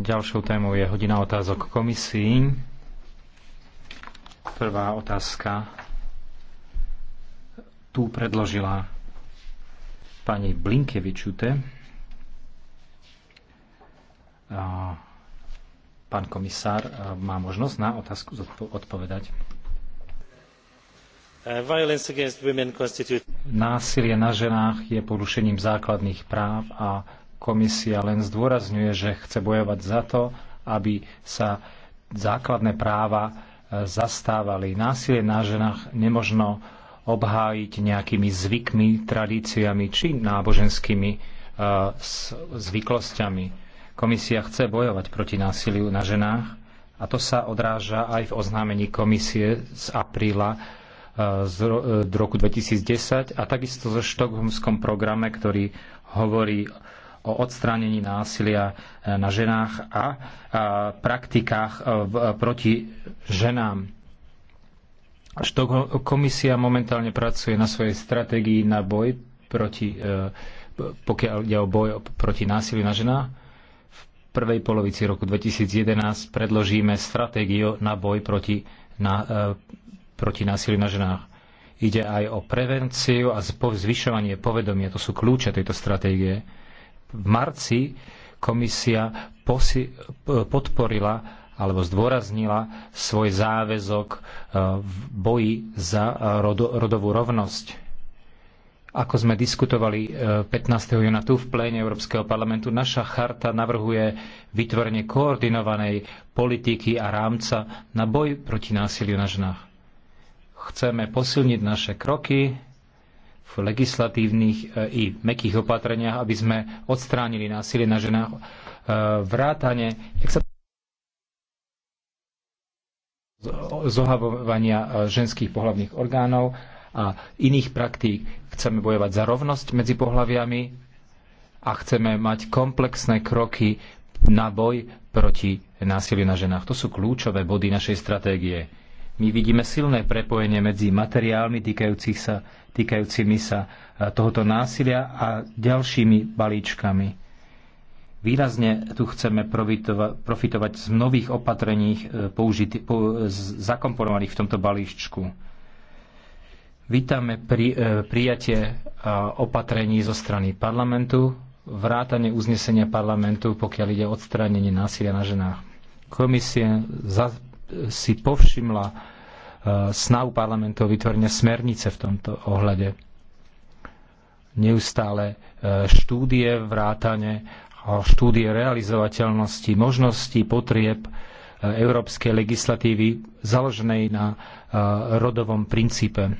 Ďalšou témou je hodina otázok komisii. Prvá otázka tu predložila pani Blinkevičute. Pán komisár má možnosť na otázku odpovedať. Uh, Násilie na ženách je porušením základných práv a Komisia len zdôrazňuje, že chce bojovať za to, aby sa základné práva e, zastávali. Násilie na ženách nemožno obhájiť nejakými zvykmi, tradíciami či náboženskými e, zvyklosťami. Komisia chce bojovať proti násiliu na ženách a to sa odráža aj v oznámení komisie z apríla e, z roku 2010 a takisto zo štokholmskom programe, ktorý hovorí o odstránení násilia eh, na ženách a praktikách eh, eh, proti ženám. Komisia momentálne pracuje na svojej stratégii na boj proti, pokiaľ ide o boj proti násiliu na ženách. V prvej polovici roku 2011 predložíme stratégiu na boj proti, na, proti násiliu na ženách. Ide aj o prevenciu a zvyšovanie povedomia. To sú kľúče tejto stratégie v marci komisia posi, podporila alebo zdôraznila svoj záväzok e, v boji za rodovú rovnosť. Ako sme diskutovali 15. E, júna tu v pléne Európskeho parlamentu, naša charta navrhuje vytvorenie koordinovanej politiky a rámca na boj proti násiliu na ženách. Chceme posilniť naše kroky, v legislatívnych e, i mekých opatreniach, aby sme odstránili násilie na ženách, e, vrátane zohavovania e, ženských pohľavných orgánov a iných praktík. Chceme bojovať za rovnosť medzi pohľaviami a chceme mať komplexné kroky na boj proti násiliu na ženách. To sú kľúčové body našej stratégie my vidíme silné prepojenie medzi materiálmi týkajúcich sa, týkajúcimi sa e, tohoto násilia a ďalšími balíčkami. Výrazne tu chceme profitovať z nových opatrení e, po, zakomponovaných v tomto balíčku. Vítame pri, e, prijatie opatrení zo strany parlamentu, vrátanie uznesenia parlamentu, pokiaľ ide o odstránenie násilia na ženách. Komisie si povšimla e, snahu parlamentu o vytvorenie smernice v tomto ohľade. Neustále e, štúdie vrátane štúdie realizovateľnosti, možností, potrieb e, európskej legislatívy založenej na rodovom princípe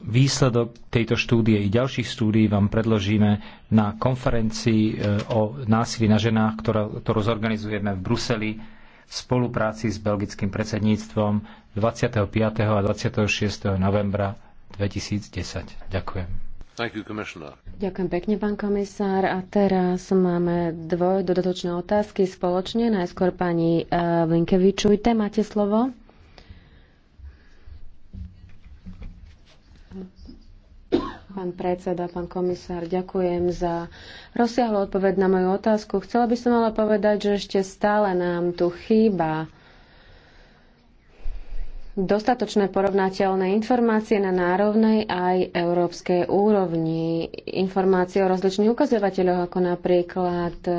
Výsledok tejto štúdie i ďalších štúdií vám predložíme na konferencii e, o násilí na ženách, ktorá, ktorú zorganizujeme v Bruseli v spolupráci s belgickým predsedníctvom 25. a 26. novembra 2010. Ďakujem. You, Ďakujem pekne, pán komisár. A teraz máme dvoj dodatočné otázky spoločne. Najskôr pani Vlinkevičujte, e, máte slovo. Pán predseda, pán komisár, ďakujem za rozsiahlu odpoveď na moju otázku. Chcela by som ale povedať, že ešte stále nám tu chýba dostatočné porovnateľné informácie na národnej aj európskej úrovni. Informácie o rozličných ukazovateľoch, ako napríklad e,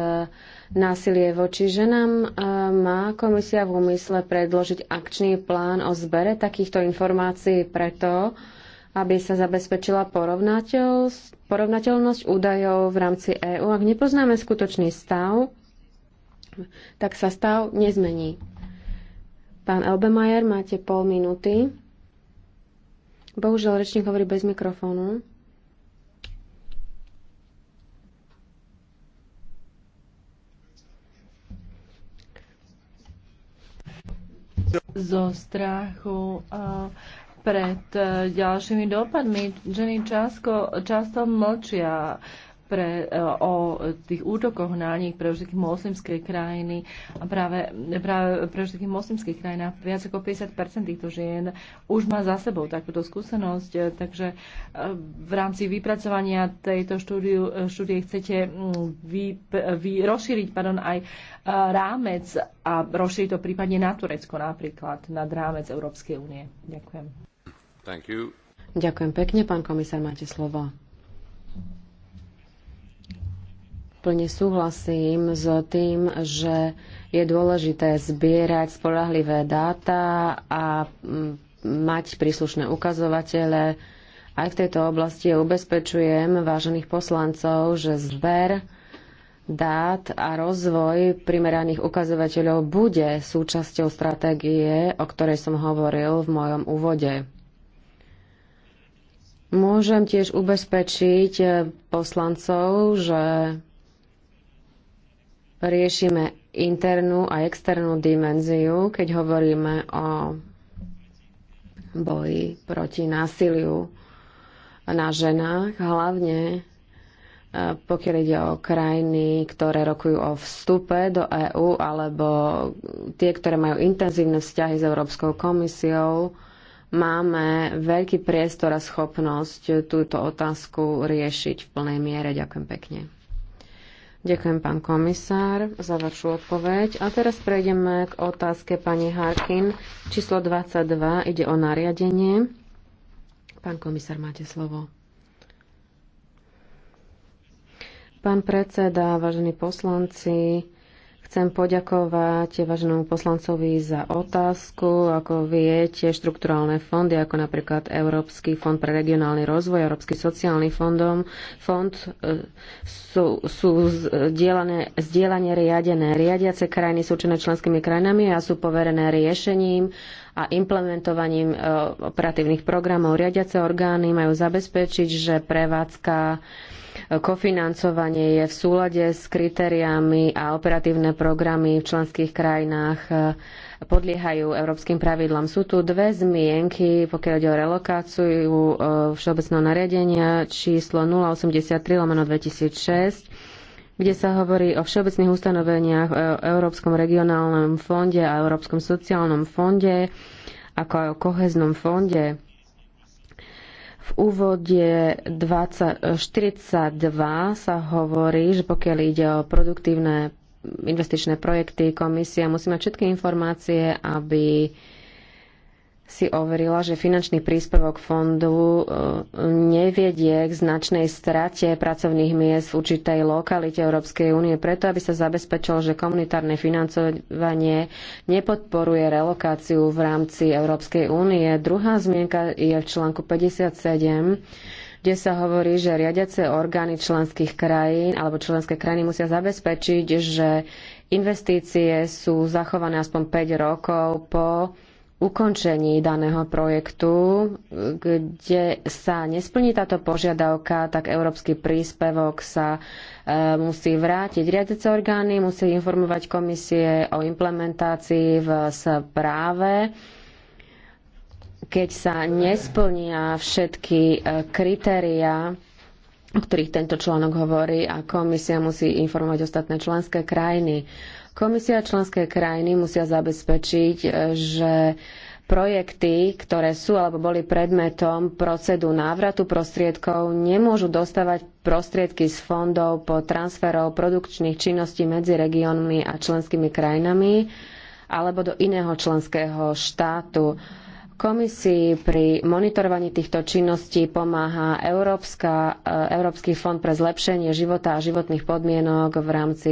násilie voči ženám, e, má komisia v úmysle predložiť akčný plán o zbere takýchto informácií preto, aby sa zabezpečila porovnateľnosť údajov v rámci EÚ. Ak nepoznáme skutočný stav, tak sa stav nezmení. Pán Elbemajer, máte pol minúty. Bohužiaľ, rečník hovorí bez mikrofónu. zo strachu pred e, ďalšími dopadmi. Ženy často, často mlčia pre, e, o tých útokoch na nich pre všetky moslimské krajiny a práve, práve pre všetky moslimské krajiny viac ako 50% týchto žien už má za sebou takúto skúsenosť, e, takže v rámci vypracovania tejto štúdiu, štúdie chcete vy, vy, rozšíriť pardon, aj rámec a rozšíriť to prípadne na Turecko napríklad, nad rámec Európskej únie. Ďakujem. Ďakujem pekne, pán komisár, máte slovo. Plne súhlasím s tým, že je dôležité zbierať spolahlivé dáta a mm, mať príslušné ukazovatele. Aj v tejto oblasti ubezpečujem vážených poslancov, že zber dát a rozvoj primeraných ukazovateľov bude súčasťou stratégie, o ktorej som hovoril v mojom úvode. Môžem tiež ubezpečiť eh, poslancov, že riešime internú a externú dimenziu, keď hovoríme o boji proti násiliu na ženách, hlavne eh, pokiaľ ide o krajiny, ktoré rokujú o vstupe do EÚ alebo tie, ktoré majú intenzívne vzťahy s Európskou komisiou, máme veľký priestor a schopnosť túto otázku riešiť v plnej miere. Ďakujem pekne. Ďakujem, pán komisár, za vašu odpoveď. A teraz prejdeme k otázke pani Harkin. Číslo 22 ide o nariadenie. Pán komisár, máte slovo. Pán predseda, vážení poslanci, Chcem poďakovať váženom poslancovi za otázku. Ako viete, štrukturálne fondy, ako napríklad Európsky fond pre regionálny rozvoj, Európsky sociálny fondom, fond e, sú, sú zdielané, zdieľanie riadené. Riadiace krajiny sú určené členskými krajinami a sú poverené riešením a implementovaním e, operatívnych programov. Riadiace orgány majú zabezpečiť, že prevádzka Kofinancovanie je v súlade s kritériami a operatívne programy v členských krajinách e, podliehajú európskym pravidlám. Sú tu dve zmienky, pokiaľ ide o relokáciu e, všeobecného nariadenia číslo 083 lomeno 2006 kde sa hovorí o všeobecných ustanoveniach e, o Európskom regionálnom fonde a Európskom sociálnom fonde, ako aj o koheznom fonde. V úvode 2042 sa hovorí, že pokiaľ ide o produktívne investičné projekty, komisia musí mať všetky informácie, aby si overila, že finančný príspevok fondu e, nevedie k značnej strate pracovných miest v určitej lokalite Európskej únie, preto aby sa zabezpečilo, že komunitárne financovanie nepodporuje relokáciu v rámci Európskej únie. Druhá zmienka je v článku 57 kde sa hovorí, že riadiace orgány členských krajín alebo členské krajiny musia zabezpečiť, že investície sú zachované aspoň 5 rokov po ukončení daného projektu, kde sa nesplní táto požiadavka, tak európsky príspevok sa e, musí vrátiť. Riadece orgány musí informovať komisie o implementácii v správe keď sa nesplnia všetky e, kritériá, o ktorých tento článok hovorí a komisia musí informovať ostatné členské krajiny Komisia a členské krajiny musia zabezpečiť, e, že projekty, ktoré sú alebo boli predmetom procedu návratu prostriedkov, nemôžu dostávať prostriedky z fondov po transferov produkčných činností medzi regiónmi a členskými krajinami alebo do iného členského štátu. Komisii pri monitorovaní týchto činností pomáha Európska, e, Európsky fond pre zlepšenie života a životných podmienok v rámci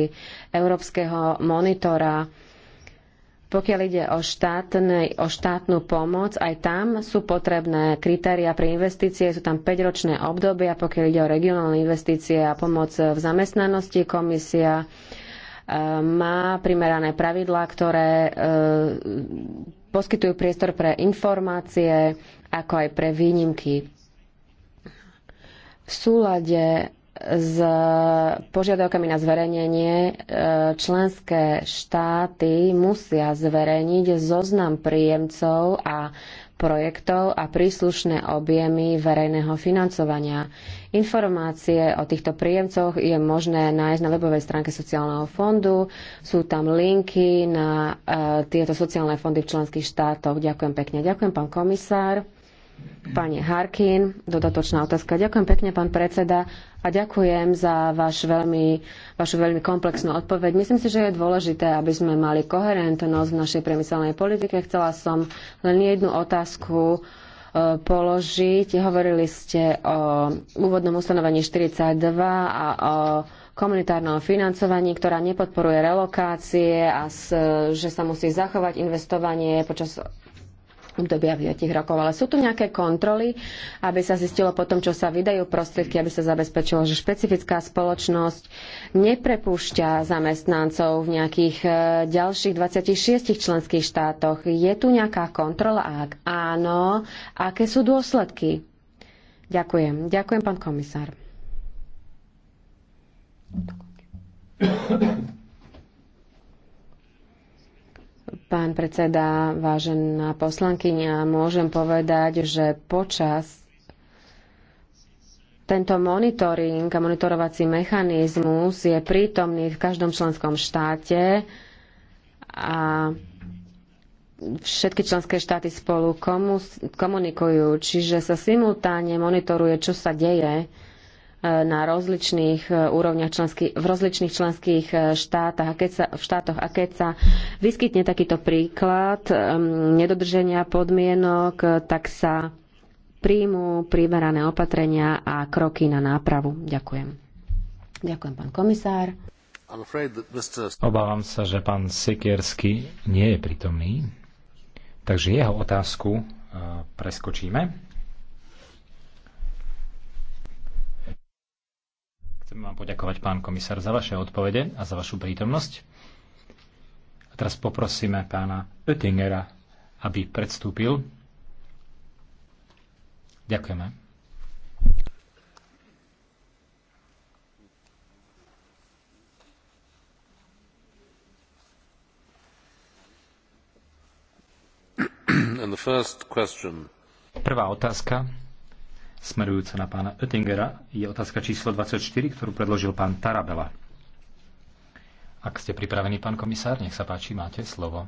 Európskeho monitora. Pokiaľ ide o, štátne, o štátnu pomoc, aj tam sú potrebné kritéria pre investície, sú tam 5-ročné obdobia, pokiaľ ide o regionálne investície a pomoc v zamestnanosti, komisia e, má primerané pravidlá, ktoré e, poskytujú priestor pre informácie, ako aj pre výnimky. V súlade s požiadavkami na zverejnenie e, členské štáty musia zverejniť zoznam príjemcov a projektov a príslušné objemy verejného financovania. Informácie o týchto príjemcoch je možné nájsť na webovej stránke sociálneho fondu. Sú tam linky na e, tieto sociálne fondy v členských štátoch. Ďakujem pekne. Ďakujem, pán komisár. Pani Harkin, dodatočná otázka. Ďakujem pekne, pán predseda, a ďakujem za vaš veľmi, vašu veľmi komplexnú odpoveď. Myslím si, že je dôležité, aby sme mali koherentnosť v našej priemyselnej politike. Chcela som len jednu otázku e, položiť. Hovorili ste o úvodnom ustanovení 42 a o komunitárnom financovaní, ktorá nepodporuje relokácie a s, že sa musí zachovať investovanie počas obdobia 9 rokov. Ale sú tu nejaké kontroly, aby sa zistilo po tom, čo sa vydajú prostriedky, aby sa zabezpečilo, že špecifická spoločnosť neprepúšťa zamestnancov v nejakých e, ďalších 26 členských štátoch. Je tu nejaká kontrola? Ak áno, aké sú dôsledky? Ďakujem. Ďakujem, pán komisár. Pán predseda, vážená poslankyňa, môžem povedať, že počas tento monitoring a monitorovací mechanizmus je prítomný v každom členskom štáte a všetky členské štáty spolu komunikujú, čiže sa simultáne monitoruje, čo sa deje na rozličných e, úrovniach členský, v rozličných členských e, štátach a keď sa, v štátoch. A keď sa vyskytne takýto príklad e, nedodrženia podmienok, tak sa príjmu primerané opatrenia a kroky na nápravu. Ďakujem. Ďakujem, pán komisár. Obávam sa, že pán Sekiersky nie je prítomný, takže jeho otázku preskočíme. Chcem vám poďakovať, pán komisár, za vaše odpovede a za vašu prítomnosť. A teraz poprosíme pána Oettingera, aby predstúpil. Ďakujeme. Prvá otázka smerujúca na pána Oettingera, je otázka číslo 24, ktorú predložil pán Tarabela. Ak ste pripravení, pán komisár, nech sa páči, máte slovo.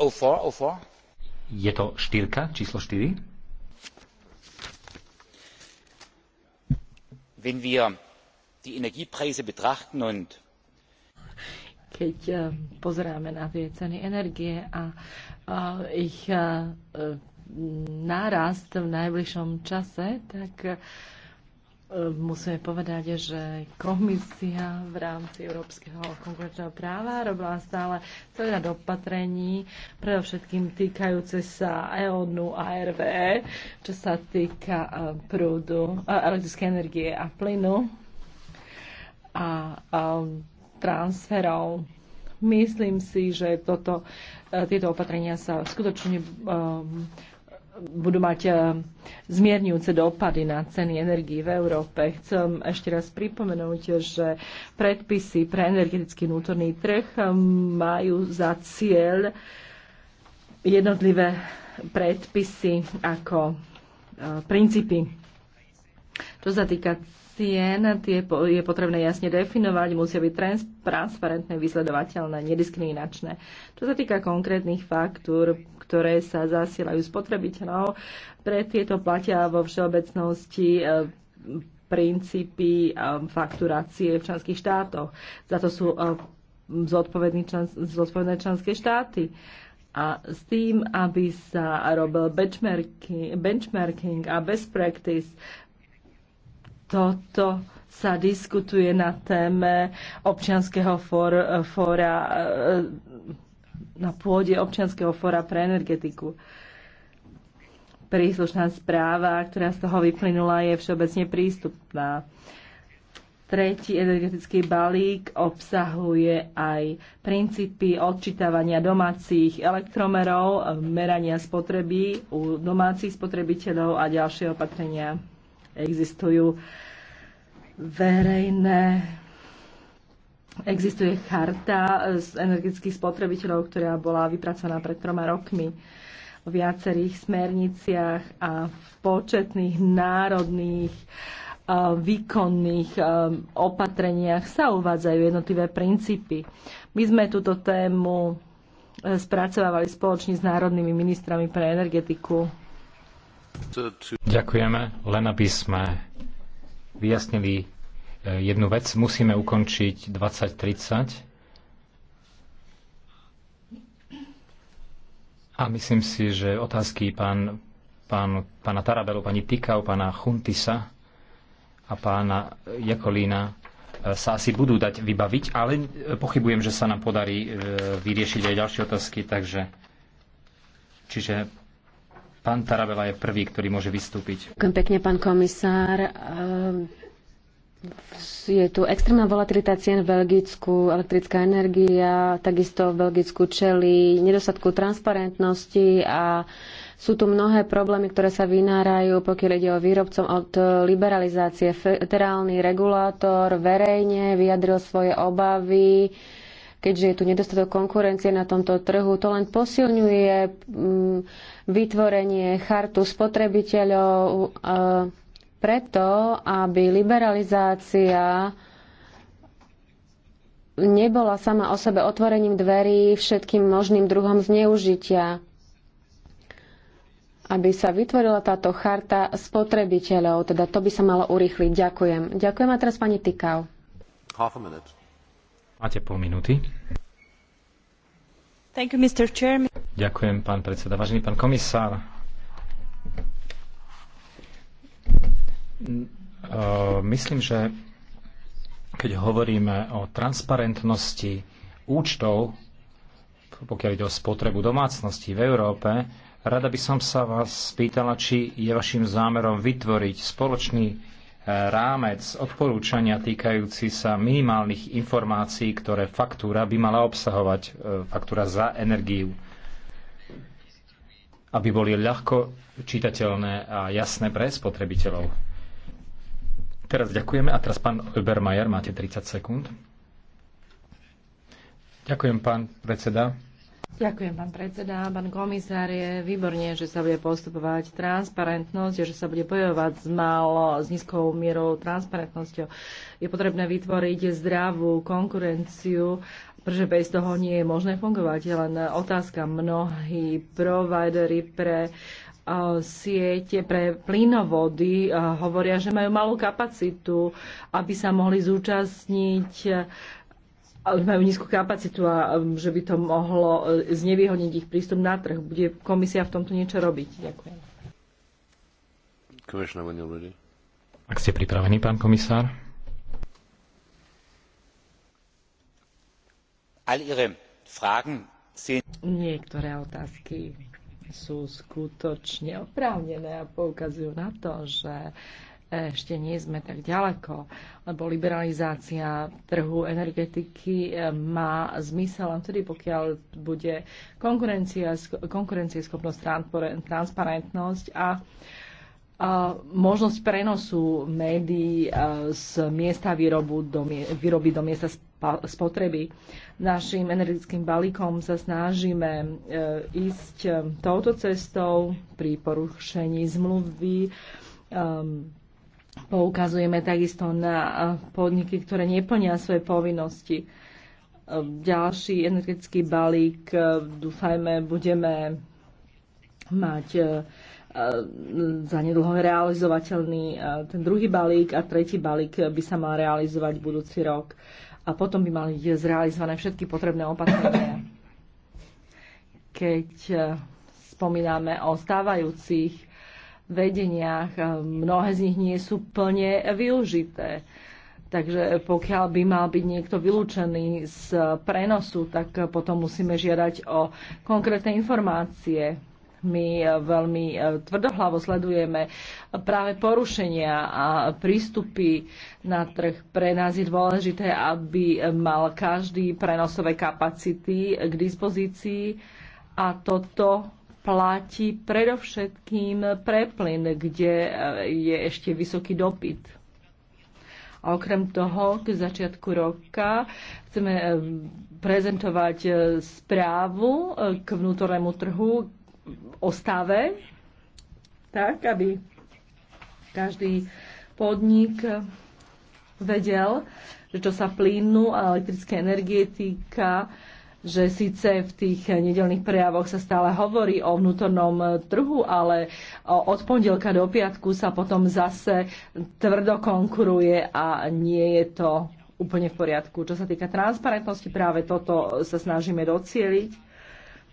Oh oh je to štyrka, číslo 4. Wenn wir die Energiepreise betrachten und keď eh, pozeráme na tie ceny energie a Eh, ich eh, eh, nárast v najbližšom čase, tak musíme povedať, že komisia v rámci Európskeho konkurenčného práva robila stále celé rad opatrení, predovšetkým týkajúce sa EONu a RVE, čo sa týka prúdu, elektrické energie a plynu a, a transferov Myslím si, že toto, e, tieto opatrenia sa skutočne um, budú mať e, zmierňujúce dopady na ceny energií v Európe. Chcem ešte raz pripomenúť, že predpisy pre energetický vnútorný trh majú za cieľ jednotlivé predpisy ako princípy. Čo sa týka cien tie je potrebné jasne definovať, musia byť transparentné, vysledovateľné, nediskriminačné. Čo sa týka konkrétnych faktúr, ktoré sa zasielajú spotrebiteľov, pre tieto platia vo všeobecnosti e, princípy e, fakturácie v členských štátoch. Za to sú e, zodpovedné členské štáty. A s tým, aby sa robil benchmarking, benchmarking a best practice toto sa diskutuje na téme občianského fóra, fóra e, na pôde občianského fóra pre energetiku. Príslušná správa, ktorá z toho vyplynula, je všeobecne prístupná. Tretí energetický balík obsahuje aj princípy odčítavania domácich elektromerov, merania spotreby u domácich spotrebiteľov a ďalšie opatrenia existujú verejné Existuje charta z energetických spotrebiteľov, ktorá bola vypracovaná pred troma rokmi v viacerých smerniciach a v početných národných výkonných opatreniach sa uvádzajú jednotlivé princípy. My sme túto tému e, spracovávali spoločne s národnými ministrami pre energetiku Ďakujeme. Len aby sme vyjasnili e, jednu vec, musíme ukončiť 2030. A myslím si, že otázky pán, pán, pána Tarabelu, pani Tikau, pána Chuntisa a pána Jakolína e, sa asi budú dať vybaviť, ale e, pochybujem, že sa nám podarí vyriešiť aj ďalšie otázky, takže čiže Pán Tarabela je prvý, ktorý môže vystúpiť. Ďakujem pekne, pán komisár. Ehm, je tu extrémna volatilita cien v Belgicku, elektrická energia, takisto v Belgicku čeli nedostatku transparentnosti a sú tu mnohé problémy, ktoré sa vynárajú, pokiaľ ide o výrobcom od liberalizácie. Federálny regulátor verejne vyjadril svoje obavy keďže je tu nedostatok konkurencie na tomto trhu. To len posilňuje mm, vytvorenie chartu spotrebiteľov e, preto, aby liberalizácia nebola sama o sebe otvorením dverí všetkým možným druhom zneužitia aby sa vytvorila táto charta spotrebiteľov. Teda to by sa malo urýchliť. Ďakujem. Ďakujem a teraz pani Tikau. Half a minute. Máte pol minúty. Thank you, Mr. Chairman. Ďakujem, pán predseda. Vážený pán komisár, e, myslím, že keď hovoríme o transparentnosti účtov, pokiaľ ide o spotrebu domácností v Európe, rada by som sa vás spýtala, či je vašim zámerom vytvoriť spoločný rámec odporúčania týkajúci sa minimálnych informácií, ktoré faktúra by mala obsahovať, e, faktúra za energiu, aby boli ľahko čitateľné a jasné pre spotrebiteľov. Teraz ďakujeme a teraz pán Obermajer, máte 30 sekúnd. Ďakujem, pán predseda. Ďakujem, pán predseda. Pán komisár, je výborne, že sa bude postupovať transparentnosť, že sa bude bojovať s málo, s nízkou mierou transparentnosťou. Je potrebné vytvoriť zdravú konkurenciu, pretože bez toho nie je možné fungovať. Je len otázka mnohí providery pre siete pre plynovody hovoria, že majú malú kapacitu, aby sa mohli zúčastniť ale majú nízku kapacitu a um, že by to mohlo e, znevýhodniť ich prístup na trh. Bude komisia v tomto niečo robiť? Ďakujem. Ak ste pripravení, pán komisár. Niektoré otázky sú skutočne oprávnené a poukazujú na to, že ešte nie sme tak ďaleko, lebo liberalizácia trhu energetiky eh, má zmysel len vtedy, pokiaľ bude konkurencia, konkurencieschopnosť, transparentnosť a a možnosť prenosu médií eh, z miesta výrobu do, výroby do miesta spotreby. Našim energetickým balíkom sa snažíme eh, ísť touto cestou pri porušení zmluvy ehm, Poukazujeme takisto na podniky, ktoré neplnia svoje povinnosti. Ďalší energetický balík, dúfajme, budeme mať e, za nedlho realizovateľný e, ten druhý balík a tretí balík by sa mal realizovať budúci rok a potom by mali zrealizované všetky potrebné opatrenia. Keď e, spomíname o stávajúcich vedeniach. Mnohé z nich nie sú plne využité. Takže pokiaľ by mal byť niekto vylúčený z prenosu, tak potom musíme žiadať o konkrétne informácie. My veľmi e, tvrdohlavo sledujeme práve porušenia a prístupy na trh. Pre nás je dôležité, aby mal každý prenosové kapacity k dispozícii a toto platí predovšetkým pre plyn, kde e, je ešte vysoký dopyt. A okrem toho, k začiatku roka chceme e, prezentovať e, správu k vnútornému trhu o stave, tak aby každý podnik vedel, že čo sa plynu a elektrická energetika že síce v tých nedelných prejavoch sa stále hovorí o vnútornom trhu, ale od pondelka do piatku sa potom zase tvrdo konkuruje a nie je to úplne v poriadku. Čo sa týka transparentnosti, práve toto sa snažíme docieliť.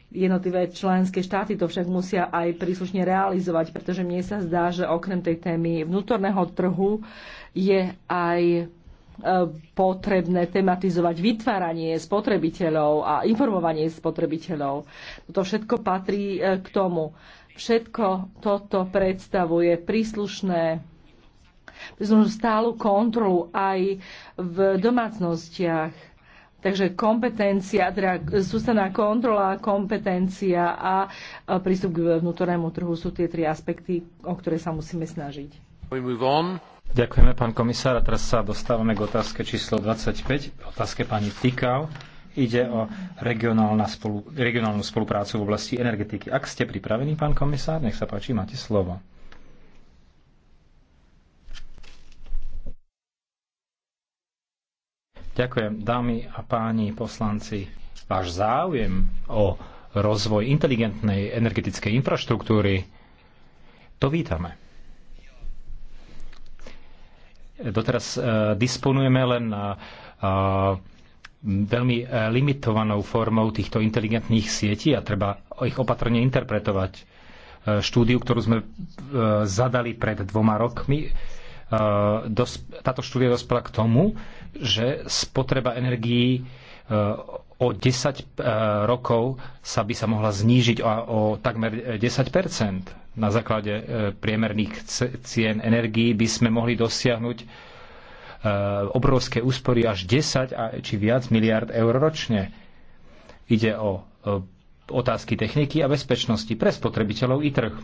Jednotlivé členské štáty to však musia aj príslušne realizovať, pretože mne sa zdá, že okrem tej témy vnútorného trhu je aj potrebné tematizovať vytváranie spotrebiteľov a informovanie spotrebiteľov. To všetko patrí e, k tomu. Všetko toto predstavuje príslušné stálu kontrolu aj v domácnostiach. Takže kompetencia, teda sústavná kontrola, kompetencia a prístup k vnútornému trhu sú tie tri aspekty, o ktoré sa musíme snažiť. We move on. Ďakujeme, pán komisár. A teraz sa dostávame k otázke číslo 25, otázke pani Tikal. Ide o spolu, regionálnu spoluprácu v oblasti energetiky. Ak ste pripravení, pán komisár, nech sa páči, máte slovo. Ďakujem, dámy a páni poslanci. Váš záujem o rozvoj inteligentnej energetickej infraštruktúry, to vítame. Doteraz e, disponujeme len e, veľmi e, limitovanou formou týchto inteligentných sietí a treba ich opatrne interpretovať. Štúdiu, ktorú sme zadali pred dvoma rokmi, táto štúdia dospela k tomu, že spotreba energií o 10 rokov sa by sa mohla znížiť o, o takmer 10 na základe e, priemerných cien energií by sme mohli dosiahnuť e, obrovské úspory až 10 či viac miliard eur ročne. Ide o e, otázky techniky a bezpečnosti pre spotrebiteľov i trh.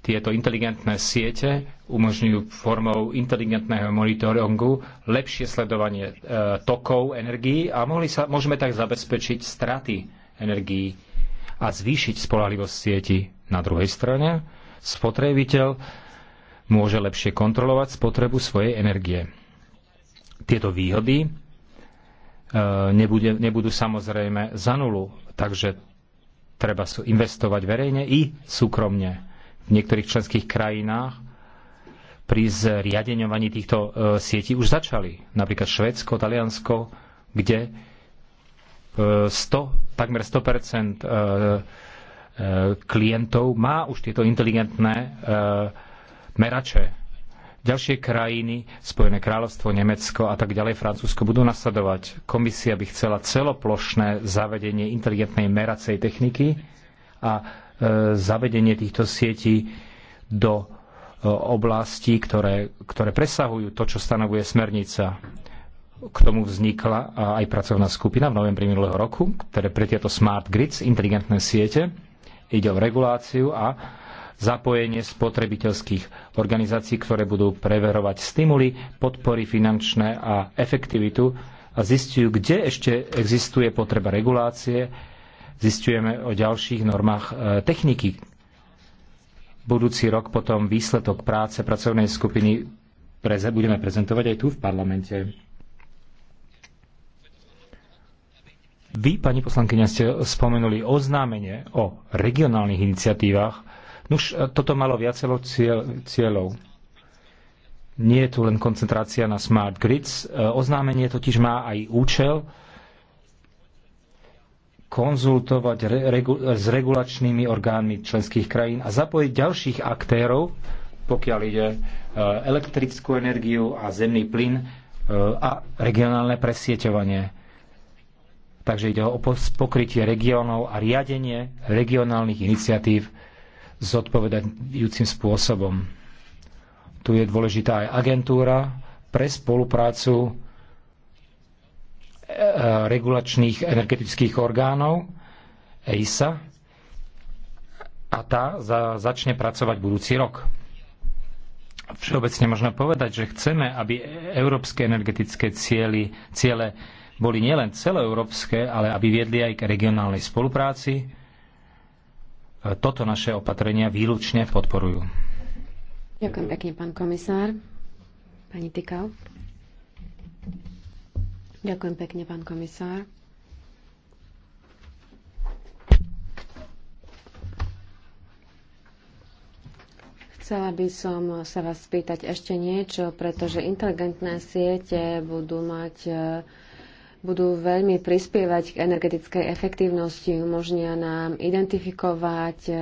Tieto inteligentné siete umožňujú formou inteligentného monitoringu lepšie sledovanie tokov energií a mohli sa, môžeme tak zabezpečiť straty energií a zvýšiť spolahlivosť sieti. Na druhej strane, spotrebiteľ môže lepšie kontrolovať spotrebu svojej energie. Tieto výhody e, nebude, nebudú samozrejme za nulu, takže treba sú investovať verejne i súkromne. V niektorých členských krajinách pri zriadeňovaní týchto e, sietí už začali. Napríklad Švédsko, Taliansko, kde 100, takmer 100 e, e, klientov má už tieto inteligentné e, merače. Ďalšie krajiny, Spojené kráľovstvo, Nemecko a tak ďalej, Francúzsko budú nasledovať. Komisia by chcela celoplošné zavedenie inteligentnej meracej techniky a zavedenie týchto sietí do oblastí, ktoré, ktoré presahujú to, čo stanovuje smernica. K tomu vznikla aj pracovná skupina v novembri minulého roku, ktoré pre tieto smart grids, inteligentné siete, ide o reguláciu a zapojenie spotrebiteľských organizácií, ktoré budú preverovať stimuly, podpory finančné a efektivitu a zistujú, kde ešte existuje potreba regulácie. Zistujeme o ďalších normách e, techniky. Budúci rok potom výsledok práce pracovnej skupiny budeme prezentovať aj tu v parlamente. Vy, pani poslankyňa, ste spomenuli oznámenie o regionálnych iniciatívach. Nuž, e, toto malo viacero cieľ, cieľov. Nie je tu len koncentrácia na smart grids. E, oznámenie totiž má aj účel konzultovať regu- s regulačnými orgánmi členských krajín a zapojiť ďalších aktérov, pokiaľ ide e, elektrickú energiu a zemný plyn a regionálne presieťovanie Takže ide o pokrytie regiónov a riadenie regionálnych iniciatív zodpovedajúcim spôsobom. Tu je dôležitá aj agentúra pre spoluprácu e, regulačných energetických orgánov EISA a tá za, začne pracovať budúci rok. Všeobecne možno povedať, že chceme, aby európske energetické cieľy, ciele boli nielen celoeurópske, ale aby viedli aj k regionálnej spolupráci, toto naše opatrenia výlučne podporujú. Ďakujem pekne, pán komisár. Pani Tykal. Ďakujem pekne, pán komisár. Chcela by som sa vás spýtať ešte niečo, pretože inteligentné siete budú mať uh, budú veľmi prispievať k energetickej efektívnosti, umožnia nám identifikovať eh,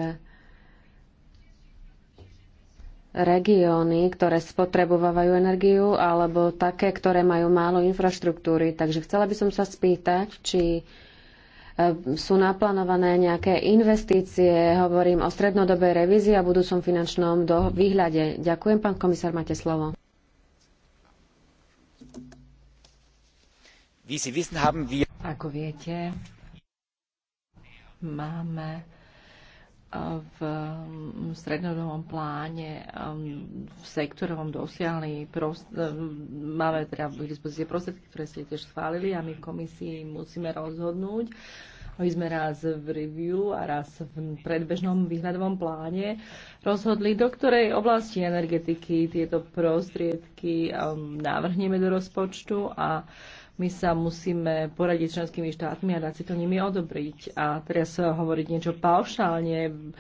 regióny, ktoré spotrebovávajú energiu, alebo také, ktoré majú málo infraštruktúry. Takže chcela by som sa spýtať, či eh, sú naplánované nejaké investície, hovorím o strednodobej revízii a budúcom finančnom do výhľade. Ďakujem, pán komisár, máte slovo. Ako viete, máme eh, v mm, strednodobom pláne mm, v sektorovom dosiahli, eh, máme teda v dispozície prostriedky, ktoré ste tiež schválili a my v komisii musíme rozhodnúť. My sme raz v review a raz v predbežnom výhľadovom pláne rozhodli, do ktorej oblasti energetiky tieto prostriedky eh, navrhneme do rozpočtu a my sa musíme poradiť s členskými štátmi a dať si to nimi odobriť. A teraz hovoriť niečo paušálne,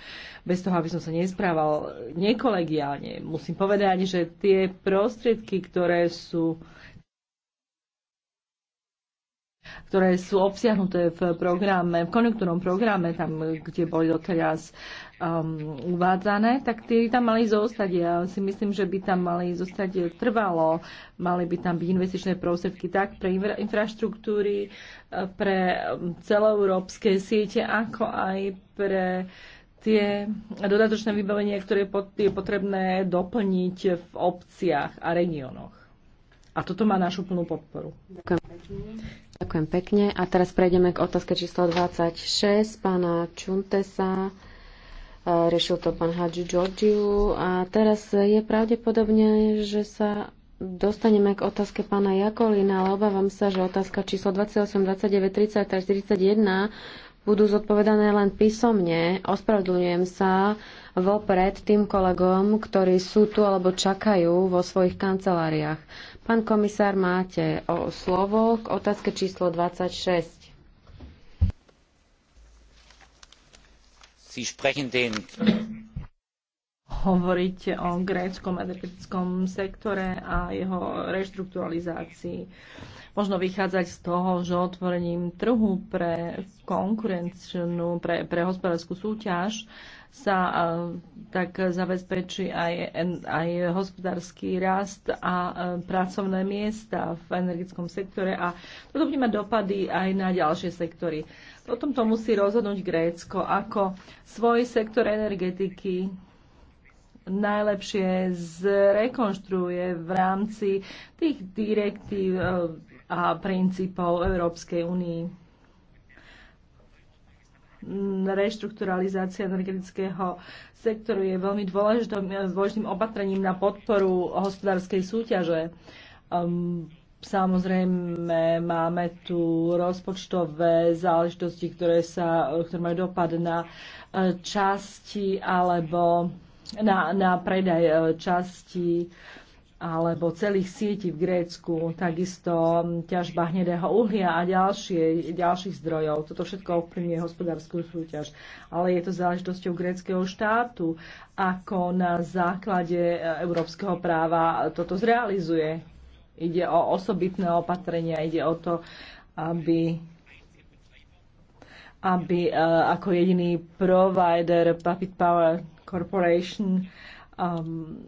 bez toho, aby som sa nesprával nekolegiálne. Musím povedať, že tie prostriedky, ktoré sú ktoré sú obsiahnuté v programe, v konjunktúrnom programe, tam, kde boli doteraz um, uvádzané, tak tie tam mali zostať. Ja si myslím, že by tam mali zostať trvalo. Mali by tam byť investičné prostriedky tak pre infra- infraštruktúry, e, pre um, celoeurópske siete, ako aj pre tie dodatočné vybavenie, ktoré je potrebné doplniť v obciach a regiónoch. A toto má našu plnú podporu. Ďakujem pekne. Ďakujem pekne. A teraz prejdeme k otázke číslo 26 pána Čuntesa Riešil to pán Hadži Georgiu a teraz je pravdepodobne, že sa dostaneme k otázke pána Jakolina, ale obávam sa, že otázka číslo 28, 29, 30 až 41 budú zodpovedané len písomne. Ospravedlňujem sa vopred tým kolegom, ktorí sú tu alebo čakajú vo svojich kanceláriách. Pán komisár, máte o slovo k otázke číslo 26. hovoriť o gréckom energetickom sektore a jeho reštrukturalizácii. Možno vychádzať z toho, že otvorením trhu pre konkurenčnú, pre, pre hospodárskú súťaž sa e, tak zabezpečí aj, aj hospodársky rast a e, pracovné miesta v energetickom sektore a toto bude mať dopady aj na ďalšie sektory. O tomto musí rozhodnúť Grécko, ako svoj sektor energetiky najlepšie zrekonštruuje v rámci tých direktív e, a princípov Európskej únie reštrukturalizácia energetického sektoru je veľmi dôležitým, dôležitým opatrením na podporu hospodárskej súťaže. Um, Samozrejme, máme tu rozpočtové záležitosti, ktoré, sa, ktoré majú dopad na e, časti alebo na, na predaj e, časti alebo celých sietí v Grécku, takisto ťažba hnedého uhlia a ďalšie, ďalších zdrojov. Toto všetko ovplyvňuje hospodárskú súťaž. Ale je to záležitosťou gréckého štátu, ako na základe európskeho práva toto zrealizuje. Ide o osobitné opatrenia, ide o to, aby aby e, ako jediný provider Puppet Power Corporation um,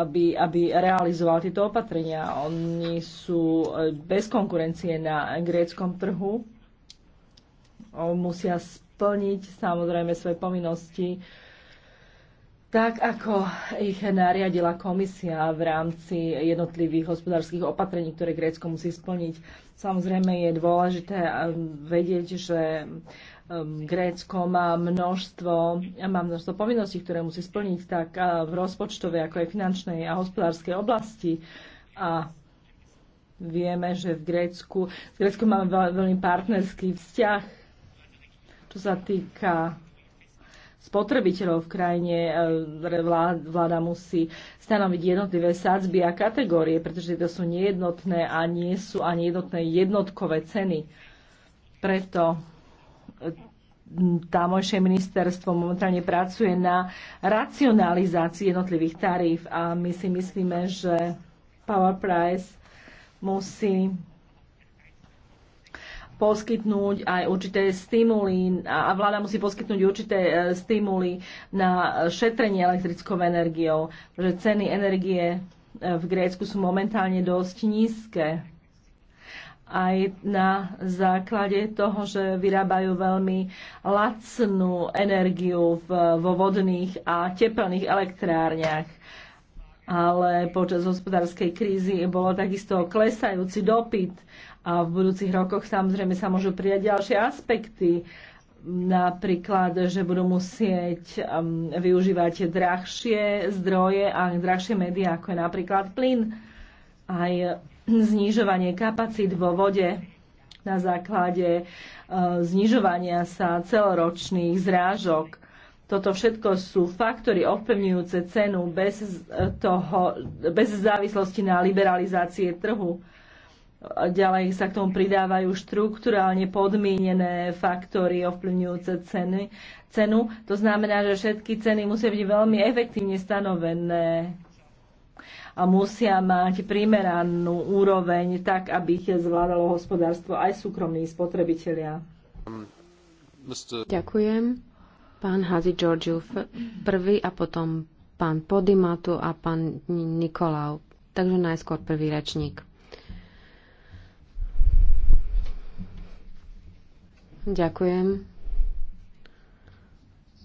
aby, aby realizoval tieto opatrenia. Oni sú e, bez konkurencie na gréckom trhu. Musia splniť samozrejme svoje povinnosti tak, ako ich nariadila komisia v rámci jednotlivých hospodárskych opatrení, ktoré Grécko musí splniť. Samozrejme je dôležité e, vedieť, že Um, Grécko má množstvo, má množstvo povinností, ktoré musí splniť tak v rozpočtovej, ako aj finančnej a hospodárskej oblasti. A vieme, že v Grécku, s Gréckom máme veľmi partnerský vzťah, čo sa týka spotrebiteľov v krajine e, vláda musí stanoviť jednotlivé sádzby a kategórie, pretože to sú nejednotné a nie sú ani jednotné jednotkové ceny. Preto tamojšie ministerstvo momentálne pracuje na racionalizácii jednotlivých tarív a my si myslíme, že Power Price musí poskytnúť aj určité stimuly a vláda musí poskytnúť určité e, stimuly na šetrenie elektrickou energiou, že ceny energie e, v Grécku sú momentálne dosť nízke aj na základe toho, že vyrábajú veľmi lacnú energiu v, vo vodných a teplných elektrárniach. Ale počas hospodárskej krízy bolo takisto klesajúci dopyt a v budúcich rokoch samozrejme sa môžu prijať ďalšie aspekty, napríklad, že budú musieť um, využívať drahšie zdroje a drahšie médiá, ako je napríklad plyn. Aj znižovanie kapacít vo vode na základe e, znižovania sa celoročných zrážok. Toto všetko sú faktory ovplyvňujúce cenu bez, e, toho, bez závislosti na liberalizácie trhu. Ďalej sa k tomu pridávajú štruktúrálne podmienené faktory ovplyvňujúce ceny, cenu. To znamená, že všetky ceny musia byť veľmi efektívne stanovené a musia mať primeranú úroveň tak, aby ich zvládalo hospodárstvo aj súkromní spotrebitelia. Ďakujem. Pán Hazi Georgiou prvý a potom pán Podimatu a pán Nikolau. Takže najskôr prvý rečník. Ďakujem.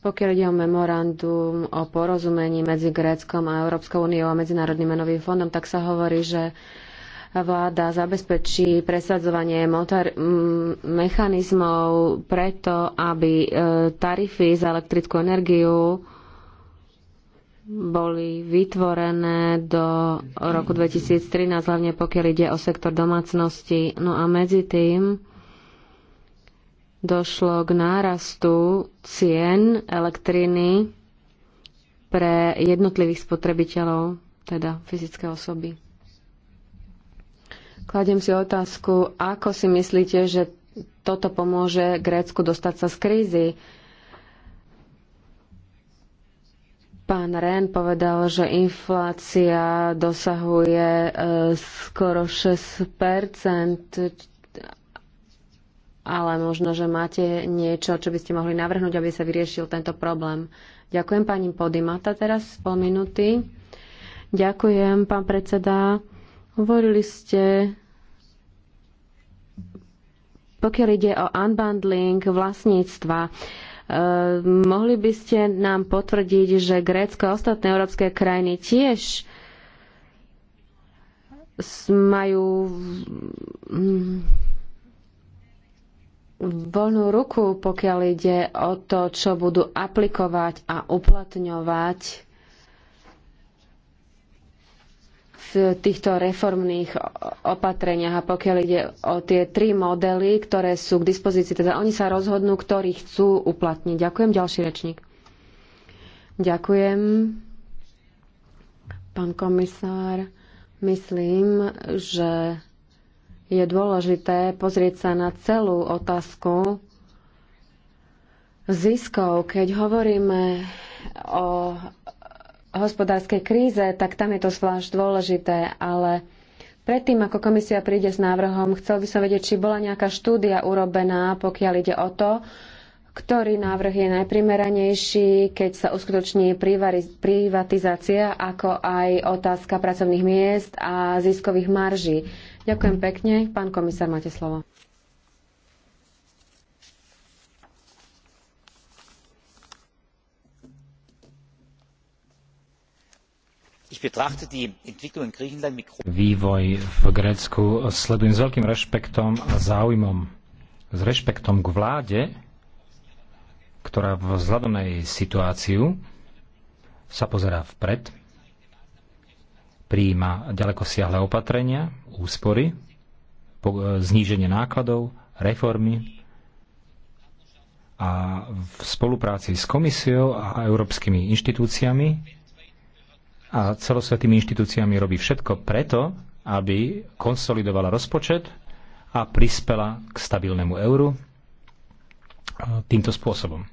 Pokiaľ ide o memorandum o porozumení medzi Gréckom a Európskou úniou a Medzinárodným menovým fondom, tak sa hovorí, že vláda zabezpečí presadzovanie motor- mechanizmov preto, aby e, tarify za elektrickú energiu boli vytvorené do roku 2013, hlavne pokiaľ ide o sektor domácnosti. No a medzi tým došlo k nárastu cien elektriny pre jednotlivých spotrebiteľov, teda fyzické osoby. Kladiem si otázku, ako si myslíte, že toto pomôže Grécku dostať sa z krízy? Pán Ren povedal, že inflácia dosahuje eh, skoro 6 ale možno, že máte niečo, čo by ste mohli navrhnúť, aby sa vyriešil tento problém. Ďakujem pani Podimata teraz, pol minúty. Ďakujem, pán predseda. Hovorili ste, pokiaľ ide o unbundling vlastníctva, eh, mohli by ste nám potvrdiť, že Grécko a ostatné európske krajiny tiež majú voľnú ruku, pokiaľ ide o to, čo budú aplikovať a uplatňovať v týchto reformných opatreniach. A pokiaľ ide o tie tri modely, ktoré sú k dispozícii, teda oni sa rozhodnú, ktorý chcú uplatniť. Ďakujem, ďalší rečník. Ďakujem, pán komisár. Myslím, že je dôležité pozrieť sa na celú otázku ziskov. Keď hovoríme o hospodárskej kríze, tak tam je to zvlášť dôležité, ale predtým, ako komisia príde s návrhom, chcel by som vedieť, či bola nejaká štúdia urobená, pokiaľ ide o to, ktorý návrh je najprimeranejší, keď sa uskutoční privatizácia, ako aj otázka pracovných miest a ziskových marží. Ďakujem pekne. Pán komisár, máte slovo. Vývoj v Grécku sledujem s veľkým rešpektom a záujmom. S rešpektom k vláde, ktorá vzhľadom na jej situáciu sa pozerá vpred, prijíma ďalekosiahle opatrenia, úspory, e, zníženie nákladov, reformy a v spolupráci s komisiou a európskymi inštitúciami a celosvetými inštitúciami robí všetko preto, aby konsolidovala rozpočet a prispela k stabilnému euru e, týmto spôsobom.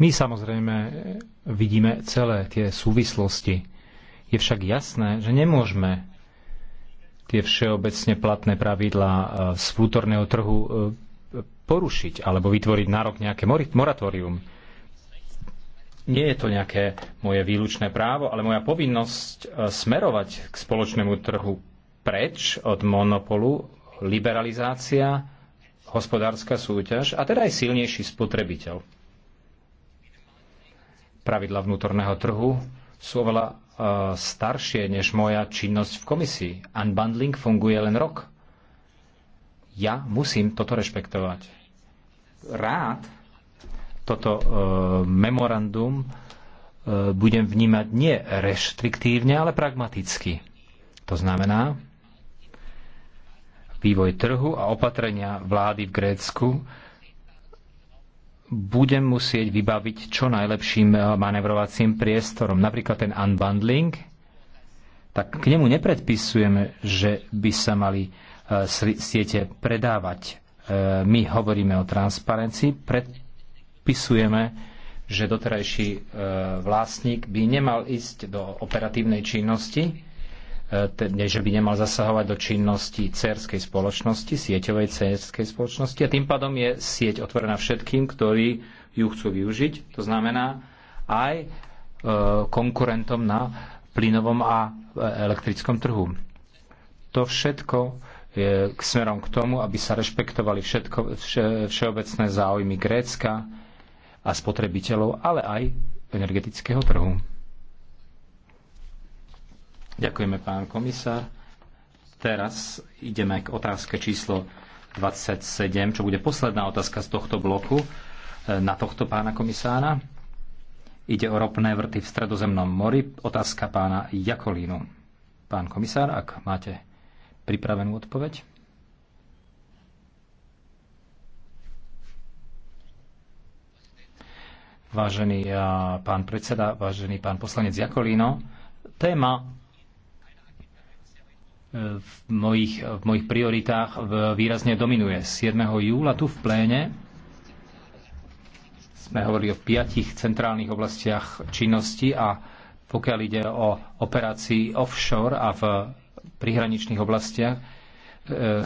My samozrejme vidíme celé tie súvislosti je však jasné, že nemôžeme tie všeobecne platné pravidlá e, z vnútorného trhu e, porušiť alebo vytvoriť nárok nejaké moratórium. Nie je to nejaké moje výlučné právo, ale moja povinnosť e, smerovať k spoločnému trhu preč od monopolu, liberalizácia, hospodárska súťaž a teda aj silnejší spotrebiteľ. Pravidla vnútorného trhu sú oveľa E, staršie než moja činnosť v komisii. Unbundling funguje len rok. Ja musím toto rešpektovať. Rád toto e, memorandum e, budem vnímať nie reštriktívne, ale pragmaticky. To znamená, vývoj trhu a opatrenia vlády v Grécku budem musieť vybaviť čo najlepším eh, manevrovacím priestorom. Napríklad ten unbundling, tak k nemu nepredpisujeme, že by sa mali eh, siete predávať. Eh, my hovoríme o transparencii, predpisujeme, že doterajší vlastník by nemal ísť do operatívnej činnosti, že by nemal zasahovať do činnosti cerskej spoločnosti, sieťovej cerskej spoločnosti a tým pádom je sieť otvorená všetkým, ktorí ju chcú využiť. To znamená aj e, konkurentom na plynovom a e, elektrickom trhu. To všetko je k smerom k tomu, aby sa rešpektovali všetko, vše, všeobecné záujmy Grécka a spotrebiteľov, ale aj energetického trhu. Ďakujeme, pán komisár. Teraz ideme k otázke číslo 27, čo bude posledná otázka z tohto bloku e, na tohto pána komisára. Ide o ropné vrty v stredozemnom mori. Otázka pána Jakolínu. Pán komisár, ak máte pripravenú odpoveď. Vážený e, pán predseda, vážený pán poslanec Jakolíno, téma v mojich, v mojich prioritách výrazne dominuje. 7. júla tu v pléne sme hovorili o piatich centrálnych oblastiach činnosti a pokiaľ ide o operácii offshore a v prihraničných oblastiach, e,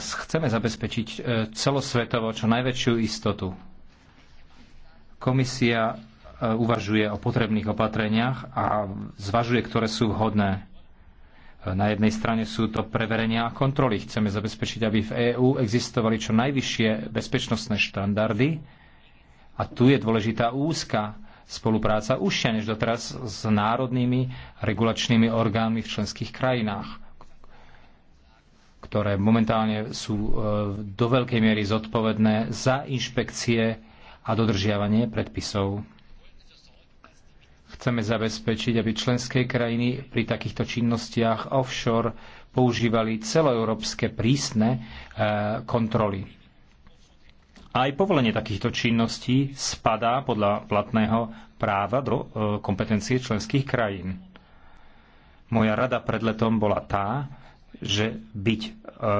chceme zabezpečiť e, celosvetovo čo najväčšiu istotu. Komisia e, uvažuje o potrebných opatreniach a zvažuje, ktoré sú vhodné na jednej strane sú to preverenia a kontroly. Chceme zabezpečiť, aby v EÚ existovali čo najvyššie bezpečnostné štandardy. A tu je dôležitá úzka spolupráca užšia než doteraz s národnými regulačnými orgánmi v členských krajinách, ktoré momentálne sú e, do veľkej miery zodpovedné za inšpekcie a dodržiavanie predpisov. Chceme zabezpečiť, aby členské krajiny pri takýchto činnostiach offshore používali celoeurópske prísne e, kontroly. Aj povolenie takýchto činností spadá podľa platného práva do e, kompetencie členských krajín. Moja rada pred letom bola tá, že byť, e,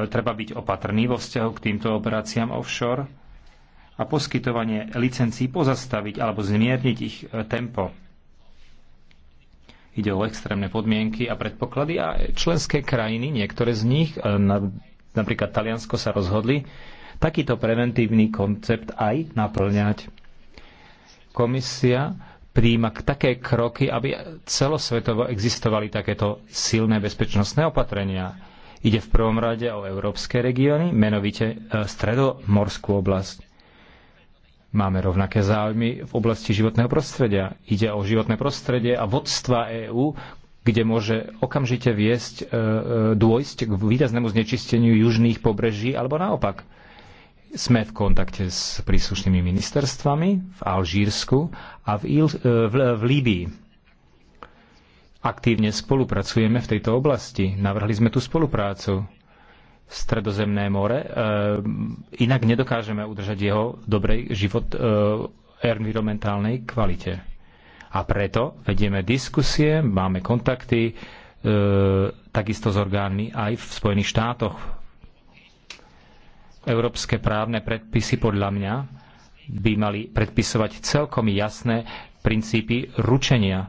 treba byť opatrný vo vzťahu k týmto operáciám offshore, a poskytovanie licencií pozastaviť alebo zmierniť ich tempo. Ide o extrémne podmienky a predpoklady a členské krajiny, niektoré z nich, e, napríklad Taliansko, sa rozhodli takýto preventívny koncept aj naplňať. Komisia príjma také kroky, aby celosvetovo existovali takéto silné bezpečnostné opatrenia. Ide v prvom rade o európske regióny, menovite e, stredomorskú oblasť. Máme rovnaké záujmy v oblasti životného prostredia. Ide o životné prostredie a vodstva EÚ, kde môže okamžite viesť, e, e, dôjsť k výraznému znečisteniu južných pobreží, alebo naopak. Sme v kontakte s príslušnými ministerstvami v Alžírsku a v, Il, e, v, v Líbii. Aktívne spolupracujeme v tejto oblasti. Navrhli sme tú spoluprácu. Stredozemné more. E, inak nedokážeme udržať jeho dobrej život e, environmentálnej kvalite. A preto vedieme diskusie, máme kontakty e, takisto s orgánmi aj v Spojených štátoch. Európske právne predpisy podľa mňa by mali predpisovať celkom jasné princípy ručenia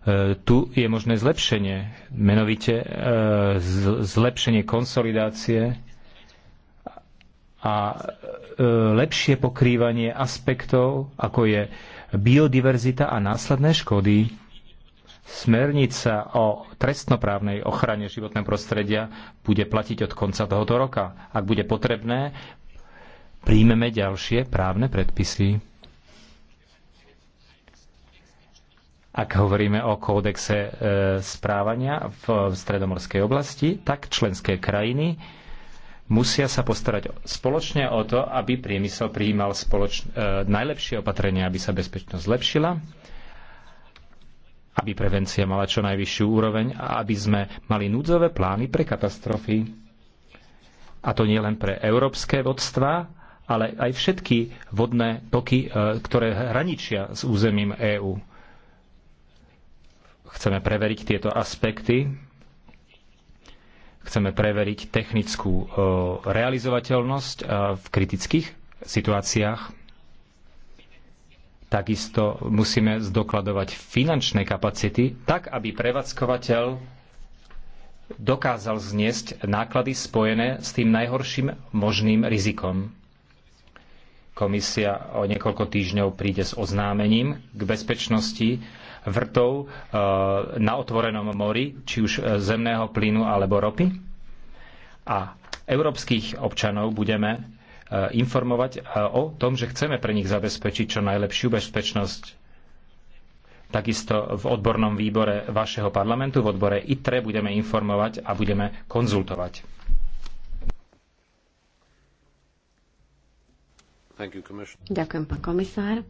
E, tu je možné zlepšenie, menovite e, zlepšenie konsolidácie a e, lepšie pokrývanie aspektov, ako je biodiverzita a následné škody. Smernica o trestnoprávnej ochrane životného prostredia bude platiť od konca tohoto roka. Ak bude potrebné, príjmeme ďalšie právne predpisy. Ak hovoríme o kódexe e, správania v stredomorskej oblasti, tak členské krajiny musia sa postarať spoločne o to, aby priemysel prijímal spoloč... E, najlepšie opatrenia, aby sa bezpečnosť zlepšila, aby prevencia mala čo najvyššiu úroveň a aby sme mali núdzové plány pre katastrofy. A to nie len pre európske vodstva, ale aj všetky vodné toky, e, ktoré hraničia s územím EÚ. Chceme preveriť tieto aspekty, chceme preveriť technickú e, realizovateľnosť e, v kritických situáciách. Takisto musíme zdokladovať finančné kapacity, tak aby prevádzkovateľ dokázal zniesť náklady spojené s tým najhorším možným rizikom. Komisia o niekoľko týždňov príde s oznámením k bezpečnosti vrtov eh, na otvorenom mori, či už eh, zemného plynu alebo ropy. A európskych občanov budeme eh, informovať o tom, že chceme pre nich zabezpečiť čo najlepšiu bezpečnosť. Takisto v odbornom výbore vašeho parlamentu, v odbore ITRE, budeme informovať a budeme konzultovať. Ďakujem, pán komisár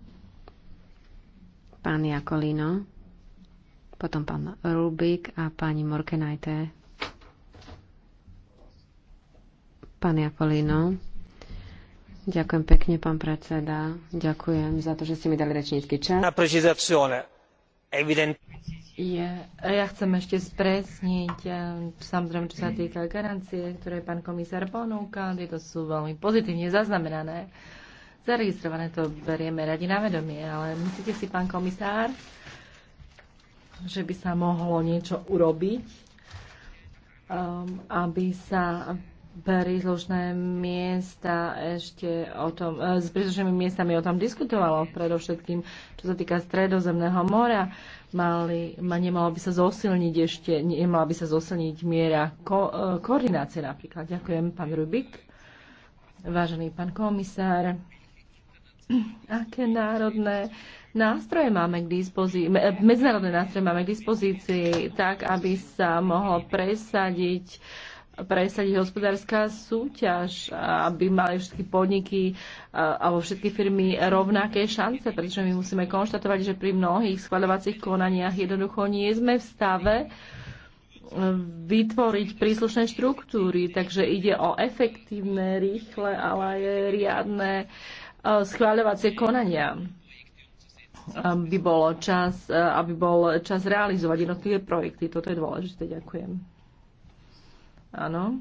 pán Jakolino, potom pán Rubik a pani Morkenajte. Pán Jakolino. Ďakujem pekne, pán predseda. Ďakujem za to, že ste mi dali rečnícky čas. Na precizazione. Evident. Je, ja chcem ešte spresniť, eh, samozrejme, čo sa týka garancie, ktoré pán komisár ponúkal, tieto sú veľmi pozitívne zaznamenané zaregistrované, to berieme radi na vedomie, ale myslíte si, pán komisár, že by sa mohlo niečo urobiť, um, aby sa príslušné miesta ešte o tom, eh, s príslušnými miestami o tom diskutovalo, predovšetkým čo sa týka stredozemného mora, mali, ma, nemalo by sa zosilniť ešte, nemala by sa zosilniť miera ko, eh, koordinácie napríklad. Ďakujem, pán Rubik. Vážený pán komisár, aké národné nástroje máme k dispozícii, eh, medzinárodné nástroje máme k dispozícii, tak aby sa mohlo presadiť presadiť hospodárska súťaž, aby mali všetky podniky eh, alebo všetky firmy rovnaké šance, pretože my musíme konštatovať, že pri mnohých skladovacích konaniach jednoducho nie sme v stave eh, vytvoriť príslušné štruktúry, takže ide o efektívne, rýchle, ale aj riadne uh, schváľovacie konania by bol čas, aby bol čas realizovať jednotlivé projekty. Toto je dôležité. Ďakujem. Áno.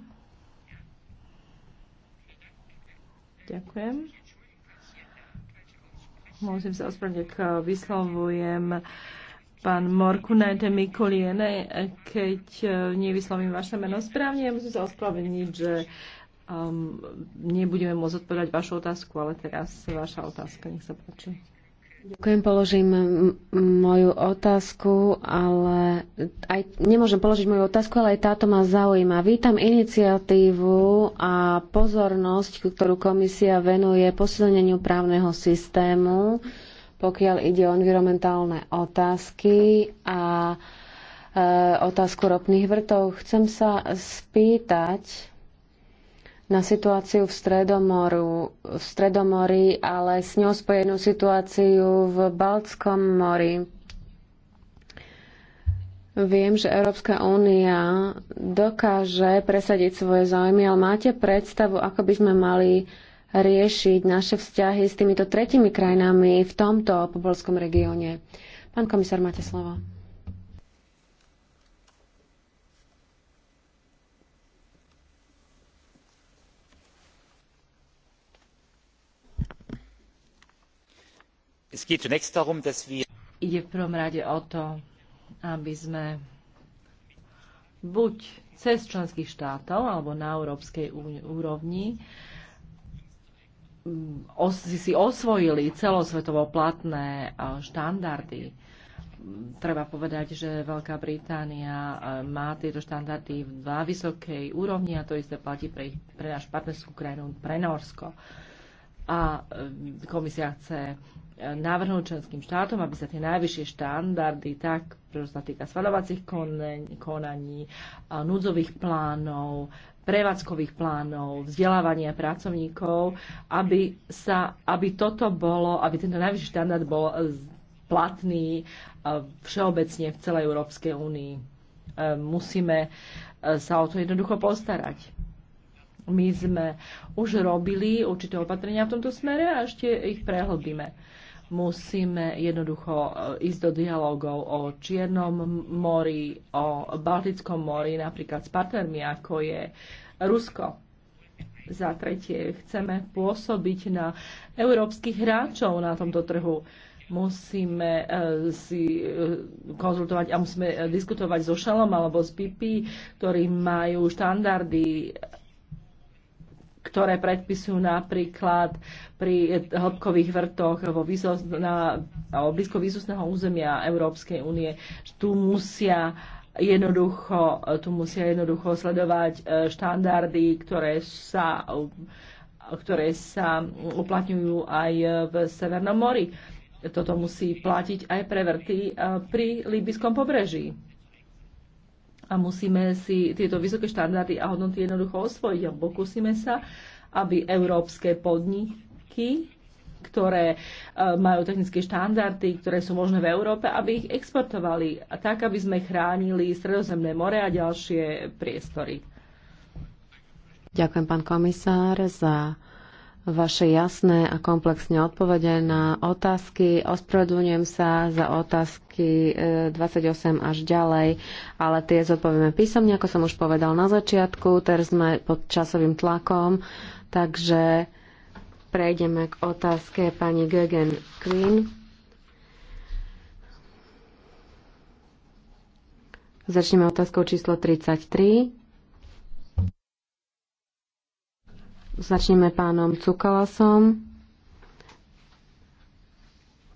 Ďakujem. Môžem sa ospravedlniť, vyslovujem pán Morkunajte Mikuliene, keď nevyslovím vaše meno správne. Ja musím sa ospravedlniť, že uh, um, nebudeme môcť odpovedať vašu otázku, ale teraz vaša otázka, nech sa páči. Ďakujem, položím moju otázku, ale aj, nemôžem položiť moju otázku, ale aj táto ma zaujíma. Vítam iniciatívu a pozornosť, ktorú komisia venuje posilneniu právneho systému, pokiaľ ide o environmentálne otázky a e, otázku ropných vrtov. Chcem sa spýtať, na situáciu v, Stredomoru, v Stredomori, ale s ňou spojenú situáciu v Baltskom mori. Viem, že Európska únia dokáže presadiť svoje záujmy, ale máte predstavu, ako by sme mali riešiť naše vzťahy s týmito tretimi krajinami v tomto pobolskom regióne? Pán komisár, máte slovo. Ide v prvom rade o to, aby sme buď cez členských štátov alebo na európskej úrovni mm, si osvojili celosvetovo platné e, štandardy. Treba povedať, že Veľká Británia e, má tieto štandardy na vysokej úrovni a to isté platí pre, pre náš partnerskú krajinu, pre Norsko. A e, komisia chce navrhnúť členským štátom, aby sa tie najvyššie štandardy, tak čo sa týka svadovacích konaní, núdzových plánov, prevádzkových plánov, vzdelávania pracovníkov, aby, sa, aby toto bolo, aby tento najvyšší štandard bol platný e, všeobecne v celej Európskej únii. E, musíme e, sa o to jednoducho postarať. My sme už robili určité opatrenia v tomto smere a ešte ich prehlbíme Musíme jednoducho eh, ísť do dialogov o Čiernom mori, o Baltickom mori, napríklad s partnermi, ako je Rusko. Za tretie, chceme pôsobiť na európskych hráčov na tomto trhu musíme eh, si eh, konzultovať a musíme diskutovať so Šalom alebo s PP, ktorí majú štandardy ktoré predpisujú napríklad pri hĺbkových vrtoch vo na, alebo blízko výzusného územia Európskej únie. Tu musia jednoducho, tu musia jednoducho sledovať e, štandardy, ktoré sa, ktoré sa uplatňujú aj v Severnom mori. Toto musí platiť aj pre vrty e, pri Líbyskom pobreží a musíme si tieto vysoké štandardy a hodnoty jednoducho osvojiť a pokúsime sa, aby európske podniky, ktoré e, majú technické štandardy, ktoré sú možné v Európe, aby ich exportovali a tak, aby sme chránili Stredozemné more a ďalšie priestory. Ďakujem, pán komisár, za vaše jasné a komplexne odpovede na otázky. Ospravedlňujem sa za otázky 28 e, až ďalej, ale tie zodpovieme písomne, ako som už povedal na začiatku. Teraz sme pod časovým tlakom, takže prejdeme k otázke pani Gögen Queen. Začneme otázkou číslo 33. Začneme pánom Cukalasom.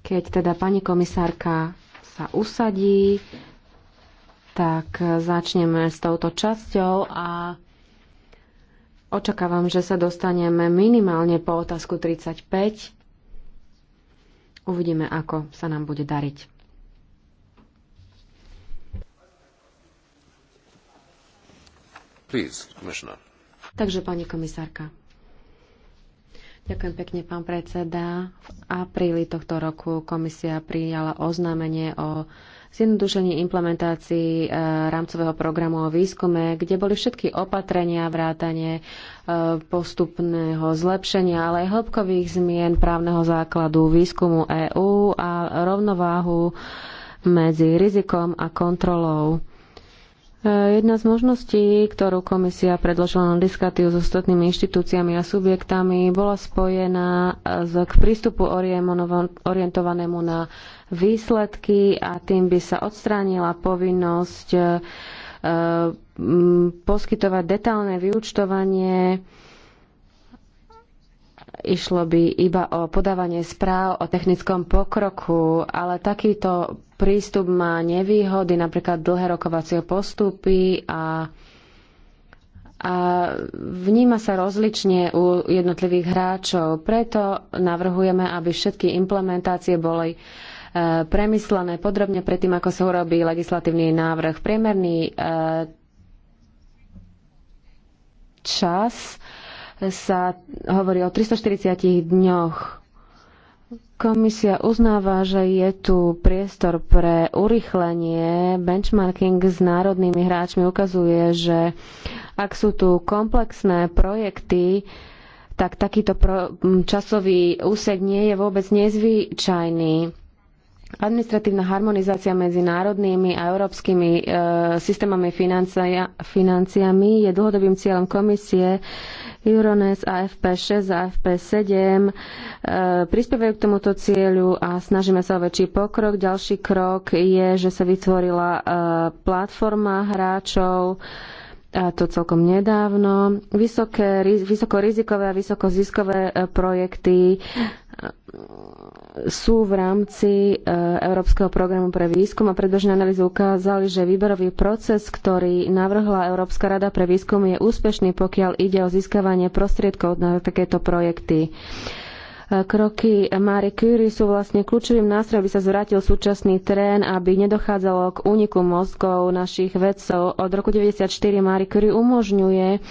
Keď teda pani komisárka sa usadí, tak začneme s touto časťou a očakávam, že sa dostaneme minimálne po otázku 35. Uvidíme, ako sa nám bude dariť. Please, Takže pani komisárka. Ďakujem pekne, pán predseda. V apríli tohto roku komisia prijala oznámenie o zjednodušení implementácii e, rámcového programu o výskume, kde boli všetky opatrenia, vrátanie e, postupného zlepšenia, ale aj hĺbkových zmien právneho základu výskumu EÚ a rovnováhu medzi rizikom a kontrolou. Jedna z možností, ktorú komisia predložila na diskatiu s ostatnými inštitúciami a subjektami, bola spojená k prístupu orientovanému na výsledky a tým by sa odstránila povinnosť eh, poskytovať detálne vyúčtovanie Išlo by iba o podávanie správ o technickom pokroku, ale takýto prístup má nevýhody, napríklad dlhé rokovacie postupy a, a vníma sa rozlične u jednotlivých hráčov. Preto navrhujeme, aby všetky implementácie boli e, premyslené podrobne predtým, ako sa urobí legislatívny návrh. Priemerný e, čas sa hovorí o 340 dňoch. Komisia uznáva, že je tu priestor pre urychlenie. Benchmarking s národnými hráčmi ukazuje, že ak sú tu komplexné projekty, tak takýto časový úsek nie je vôbec nezvyčajný Administratívna harmonizácia medzi národnými a európskymi e, systémami financia, financiami je dlhodobým cieľom komisie. Euronews a FP6 a FP7 e, prispievajú k tomuto cieľu a snažíme sa o väčší pokrok. Ďalší krok je, že sa vytvorila e, platforma hráčov, a to celkom nedávno. Vysoké, vysoko rizikové a vysokoziskové e, projekty sú v rámci e, Európskeho programu pre výskum a predbežné analýzy ukázali, že výberový proces, ktorý navrhla Európska rada pre výskum, je úspešný, pokiaľ ide o získavanie prostriedkov na takéto projekty. E, kroky Marie Curie sú vlastne kľúčovým nástrojom, aby sa zvrátil súčasný trén, aby nedochádzalo k úniku mozgov našich vedcov. Od roku 1994 Marie Curie umožňuje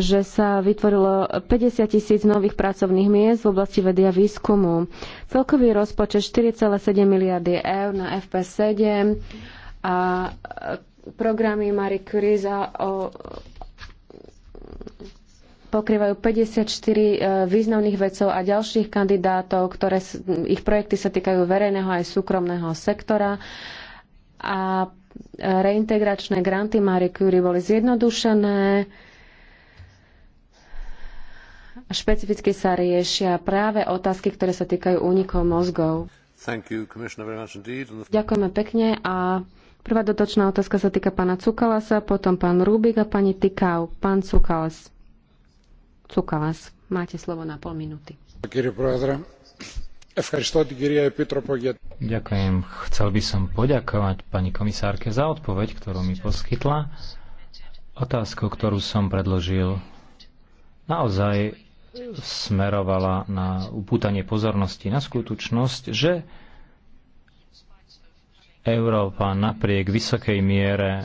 že sa vytvorilo 50 tisíc nových pracovných miest v oblasti vedy a výskumu. Celkový rozpočet 4,7 miliardy eur na FP7 a e, programy Marie Curie za o, pokrývajú 54 e, významných vedcov a ďalších kandidátov, ktoré ich projekty sa týkajú verejného aj súkromného sektora. A e, reintegračné granty Marie Curie boli zjednodušené špecificky sa riešia práve otázky, ktoré sa týkajú únikov mozgov. You, Ďakujeme pekne a prvá dotočná otázka sa týka pána Cukalasa, potom pán Rubik a pani Tikau. Pán Cukalas. Cukalas, máte slovo na pol minúty. Ďakujem. Chcel by som poďakovať pani komisárke za odpoveď, ktorú mi poskytla. Otázku, ktorú som predložil, naozaj smerovala na upútanie pozornosti na skutočnosť, že Európa napriek vysokej miere e,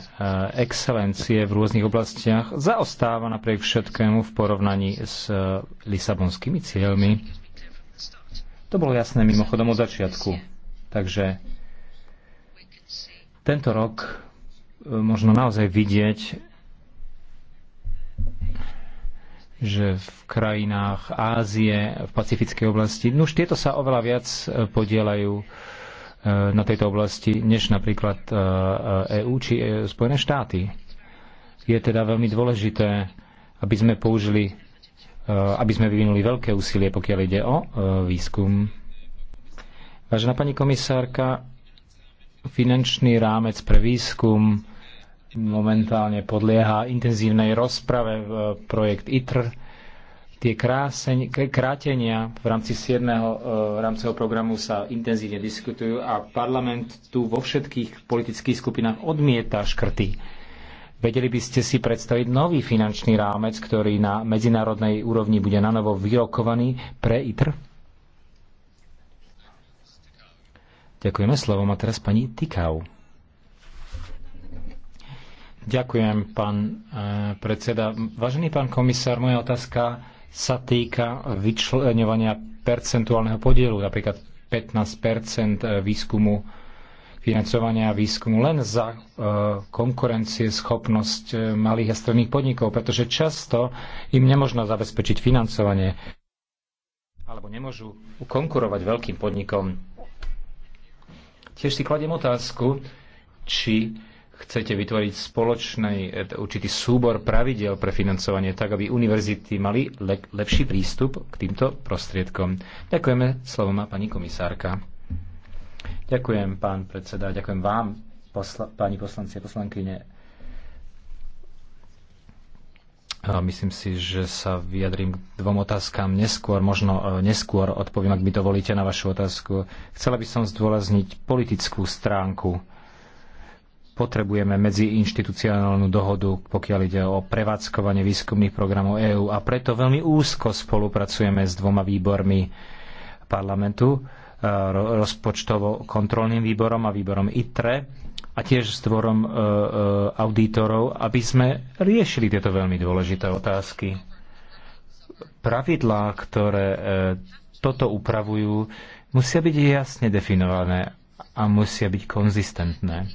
excelencie v rôznych oblastiach zaostáva napriek všetkému v porovnaní s e, lisabonskými cieľmi. To bolo jasné mimochodom od začiatku. Takže tento rok e, možno naozaj vidieť že v krajinách Ázie, v pacifickej oblasti, no už tieto sa oveľa viac e, podielajú e, na tejto oblasti, než napríklad EÚ e, či Spojené štáty. Je teda veľmi dôležité, aby sme použili, aby sme vyvinuli veľké úsilie, pokiaľ ide o výskum. Vážená pani komisárka, finančný rámec pre výskum momentálne podlieha intenzívnej rozprave e, projekt ITR. Tie kráseň, krátenia v rámci 7. E, rámceho programu sa intenzívne diskutujú a parlament tu vo všetkých politických skupinách odmieta škrty. Vedeli by ste si predstaviť nový finančný rámec, ktorý na medzinárodnej úrovni bude nanovo vyrokovaný pre ITR? Ďakujeme. Slovo a teraz pani Tikau. Ďakujem, pán e, predseda. Vážený pán komisár, moja otázka sa týka vyčlenovania percentuálneho podielu, napríklad 15 e, výskumu financovania výskumu len za e, schopnosť malých a stredných podnikov, pretože často im nemožno zabezpečiť financovanie alebo nemôžu konkurovať veľkým podnikom. Tiež si kladiem otázku, či chcete vytvoriť spoločný e, určitý súbor pravidel pre financovanie, tak aby univerzity mali le- lepší prístup k týmto prostriedkom. Ďakujeme, slovo má pani komisárka. Ďakujem, pán predseda, ďakujem vám, posla- pani poslanci a poslankyne. myslím si, že sa vyjadrím k dvom otázkam neskôr, možno e, neskôr odpoviem, ak mi dovolíte na vašu otázku. Chcela by som zdôrazniť politickú stránku potrebujeme medziinštitucionálnu dohodu, pokiaľ ide o prevádzkovanie výskumných programov EÚ a preto veľmi úzko spolupracujeme s dvoma výbormi parlamentu, e, rozpočtovo-kontrolným výborom a výborom ITRE a tiež s dvorom e, e, auditorov, aby sme riešili tieto veľmi dôležité otázky. Pravidlá, ktoré toto upravujú, musia byť jasne definované a musia byť konzistentné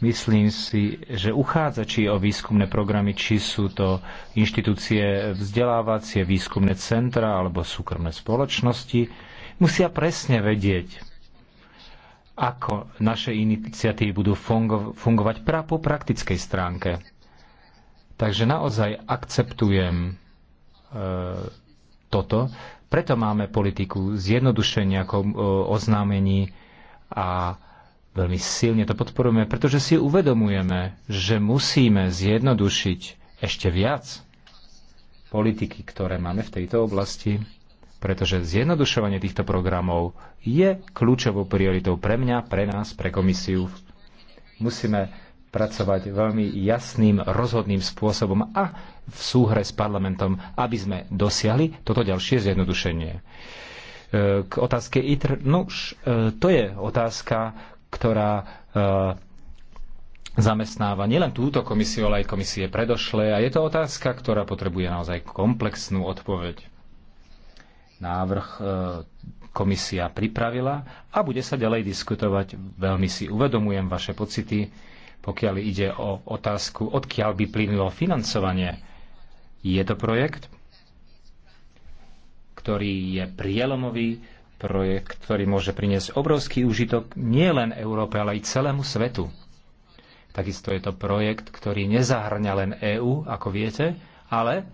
Myslím si, že uchádzači o výskumné programy, či sú to inštitúcie vzdelávacie, výskumné centra alebo súkromné spoločnosti, musia presne vedieť, ako naše iniciatívy budú fungo- fungovať pra- po praktickej stránke. Takže naozaj akceptujem e, toto. Preto máme politiku zjednodušenia ako, e, oznámení a Veľmi silne to podporujeme, pretože si uvedomujeme, že musíme zjednodušiť ešte viac politiky, ktoré máme v tejto oblasti, pretože zjednodušovanie týchto programov je kľúčovou prioritou pre mňa, pre nás, pre komisiu. Musíme pracovať veľmi jasným, rozhodným spôsobom a v súhre s parlamentom, aby sme dosiahli toto ďalšie zjednodušenie. K otázke ITR, no už e, to je otázka, ktorá e, zamestnáva nielen túto komisiu, ale aj komisie predošlé. A je to otázka, ktorá potrebuje naozaj komplexnú odpoveď. Návrh e, komisia pripravila a bude sa ďalej diskutovať. Veľmi si uvedomujem vaše pocity, pokiaľ ide o otázku, odkiaľ by plynulo financovanie. Je to projekt, ktorý je prielomový, projekt, ktorý môže priniesť obrovský úžitok nie len Európe, ale aj celému svetu. Takisto je to projekt, ktorý nezahrňa len EÚ, ako viete, ale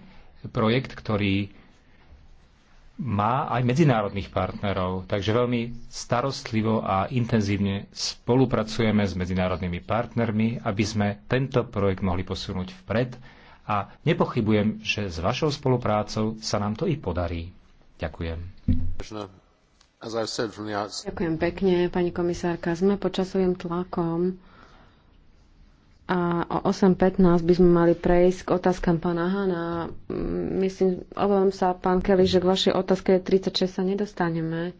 projekt, ktorý má aj medzinárodných partnerov. Takže veľmi starostlivo a intenzívne spolupracujeme s medzinárodnými partnermi, aby sme tento projekt mohli posunúť vpred a nepochybujem, že s vašou spoluprácou sa nám to i podarí. Ďakujem. Ďakujem pekne, pani komisárka. Sme pod časovým tlakom a o 8.15 by sme mali prejsť k otázkam pána Hana. Mm, myslím, obávam sa, pán Kelly, že k vašej otázke 36 sa nedostaneme.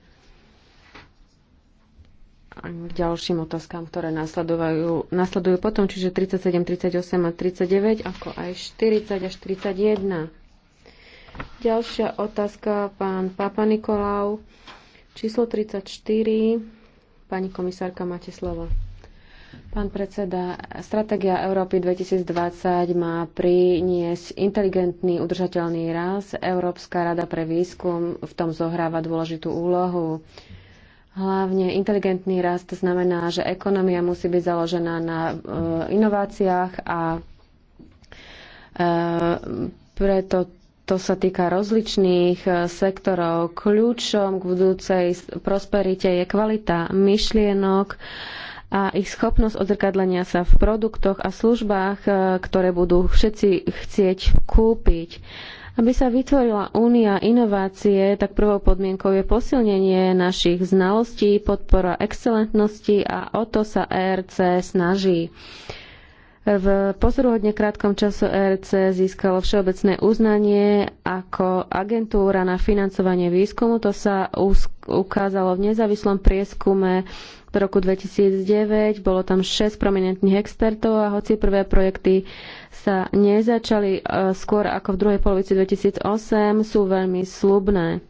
Ani k ďalším otázkam, ktoré nasledujú, nasledujú potom, čiže 37, 38 a 39, ako aj 40 až 41. Ďalšia otázka, pán Papa Nikolau Číslo 34. Pani komisárka, máte slovo. Pán predseda, stratégia Európy 2020 má priniesť inteligentný, udržateľný rast. Európska rada pre výskum v tom zohráva dôležitú úlohu. Hlavne inteligentný rast znamená, že ekonomia musí byť založená na e, inováciách a e, preto to sa týka rozličných e, sektorov. Kľúčom k budúcej prosperite je kvalita myšlienok a ich schopnosť odzrkadlenia sa v produktoch a službách, e, ktoré budú všetci chcieť kúpiť. Aby sa vytvorila únia inovácie, tak prvou podmienkou je posilnenie našich znalostí, podpora excelentnosti a o to sa ERC snaží. V pozoruhodne krátkom času ERC získalo všeobecné uznanie ako agentúra na financovanie výskumu. To sa ukázalo v nezávislom prieskume v roku 2009. Bolo tam 6 prominentných expertov a hoci prvé projekty sa nezačali e, skôr ako v druhej polovici 2008, sú veľmi slubné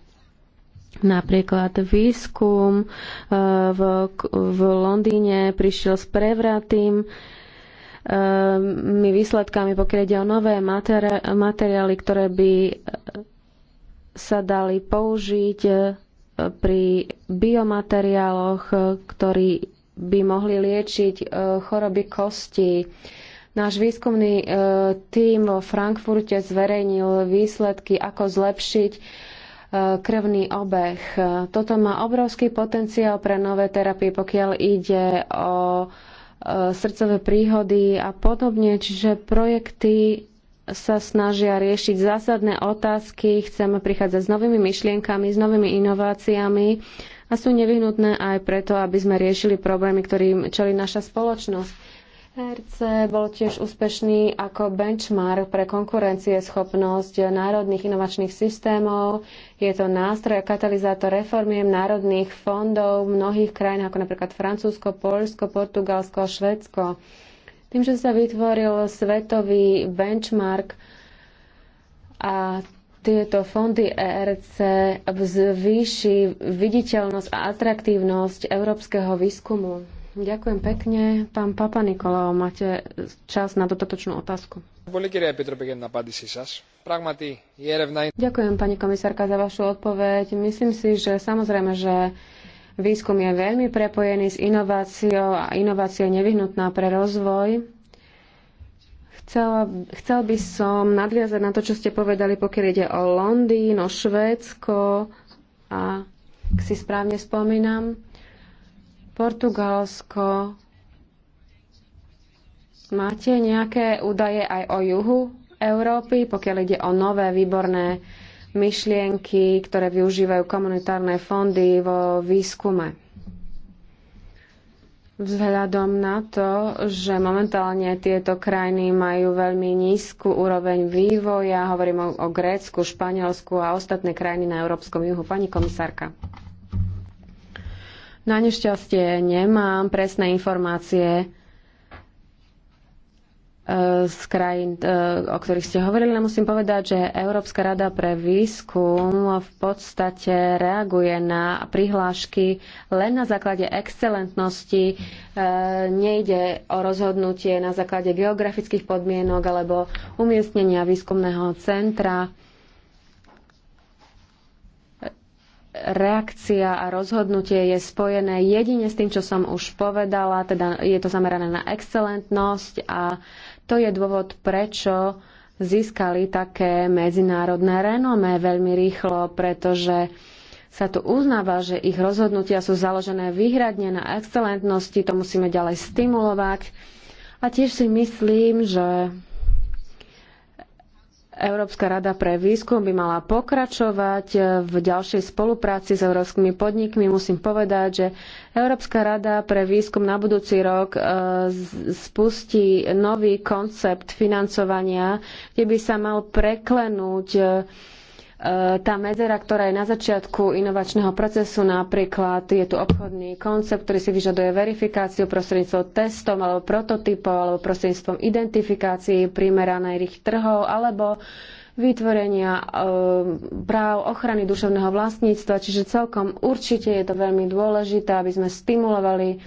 napríklad výskum e, v, v Londýne prišiel s prevratým mi ehm, výsledkami, pokiaľ ide o nové materiály, ktoré by e, sa dali použiť e, pri biomateriáloch, e, ktorí by mohli liečiť choroby kostí. Náš výskumný tím vo Frankfurte zverejnil výsledky, ako zlepšiť krvný obeh. Toto má obrovský potenciál pre nové terapie, pokiaľ ide o E, srdcové príhody a podobne. Čiže projekty sa snažia riešiť zásadné otázky, chceme prichádzať s novými myšlienkami, s novými inováciami a sú nevyhnutné aj preto, aby sme riešili problémy, ktorým čeli naša spoločnosť. ERC bol tiež úspešný ako benchmark pre konkurencieschopnosť národných inovačných systémov. Je to nástroj a katalizátor reformiem národných fondov v mnohých krajinách, ako napríklad Francúzsko, Polsko, Portugalsko a Švedsko. Tým, že sa vytvoril svetový benchmark a tieto fondy ERC zvýši viditeľnosť a atraktívnosť európskeho výskumu. Ďakujem pekne. Pán Papa Nikolao, máte čas na dodatočnú otázku. Ďakujem, pani komisárka, za vašu odpoveď. Myslím si, že samozrejme, že výskum je veľmi prepojený s inováciou a inovácia je nevyhnutná pre rozvoj. Chcela, chcel by som nadviazať na to, čo ste povedali, pokiaľ ide o Londýn, o Švédsko a, ak si správne spomínam, Portugalsko. Máte nejaké údaje aj o juhu Európy, pokiaľ ide o nové výborné myšlienky, ktoré využívajú komunitárne fondy vo výskume? Vzhľadom na to, že momentálne tieto krajiny majú veľmi nízku úroveň vývoja, hovorím o, o Grécku, Španielsku a ostatné krajiny na európskom juhu. Pani komisárka. Na nešťastie nemám presné informácie e, z krajín, e, o ktorých ste hovorili, ale musím povedať, že Európska rada pre výskum v podstate reaguje na prihlášky len na základe excelentnosti. E, nejde o rozhodnutie na základe geografických podmienok alebo umiestnenia výskumného centra reakcia a rozhodnutie je spojené jedine s tým, čo som už povedala, teda je to zamerané na excelentnosť a to je dôvod, prečo získali také medzinárodné renomé veľmi rýchlo, pretože sa tu uznáva, že ich rozhodnutia sú založené výhradne na excelentnosti, to musíme ďalej stimulovať. A tiež si myslím, že Európska rada pre výskum by mala pokračovať v ďalšej spolupráci s európskymi podnikmi. Musím povedať, že Európska rada pre výskum na budúci rok e, spustí nový koncept financovania, kde by sa mal preklenúť e, E, tá medzera, ktorá je na začiatku inovačného procesu, napríklad je tu obchodný koncept, ktorý si vyžaduje verifikáciu prostredníctvom testom alebo prototypov alebo prostredníctvom identifikácií primeraných trhov alebo vytvorenia e, práv ochrany duševného vlastníctva. Čiže celkom určite je to veľmi dôležité, aby sme stimulovali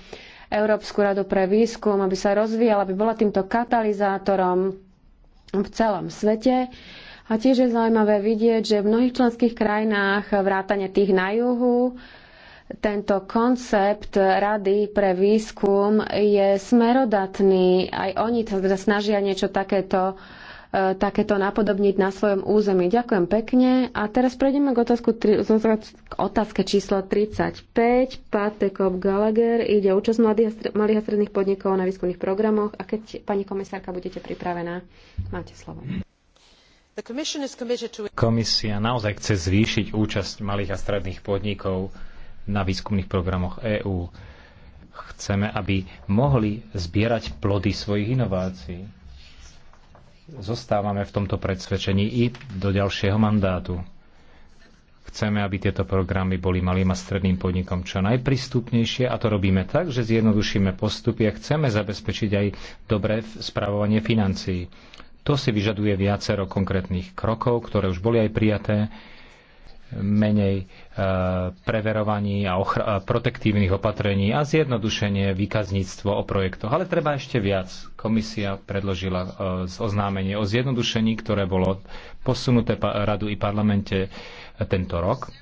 Európsku radu pre výskum, aby sa rozvíjala, aby bola týmto katalizátorom v celom svete. E, a tiež je zaujímavé vidieť, že v mnohých členských krajinách, vrátane tých na juhu, tento koncept Rady pre výskum je smerodatný. Aj oni sa snažia niečo takéto e, takéto napodobniť na svojom území. Ďakujem pekne. A teraz prejdeme k, otázku, k otázke číslo 35. Patekop Gallagher ide účasť malých a stredných podnikov na výskumných programoch. A keď, pani komisárka, budete pripravená, máte slovo. Komisia naozaj chce zvýšiť účasť malých a stredných podnikov na výskumných programoch EÚ. Chceme, aby mohli zbierať plody svojich inovácií. Zostávame v tomto predsvedčení i do ďalšieho mandátu. Chceme, aby tieto programy boli malým a stredným podnikom čo najprístupnejšie a to robíme tak, že zjednodušíme postupy a chceme zabezpečiť aj dobré spravovanie financií to si vyžaduje viacero konkrétnych krokov, ktoré už boli aj prijaté, menej e, preverovaní a protektívnych opatrení a zjednodušenie výkazníctvo o projektoch. Ale treba ešte viac. Komisia predložila e, oznámenie o zjednodušení, ktoré bolo posunuté radu i parlamente tento rok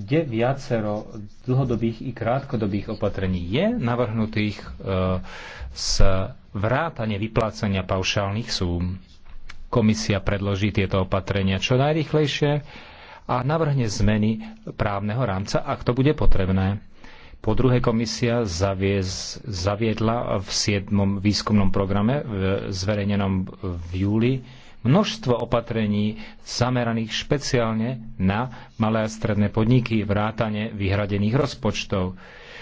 kde viacero dlhodobých i krátkodobých opatrení je navrhnutých z e, vrátane vyplácania paušálnych súm. Komisia predloží tieto opatrenia čo najrychlejšie a navrhne zmeny právneho rámca, ak to bude potrebné. Po druhé, komisia zaviez, zaviedla v 7. výskumnom programe zverejnenom v júli množstvo opatrení zameraných špeciálne na malé a stredné podniky, vrátane vyhradených rozpočtov.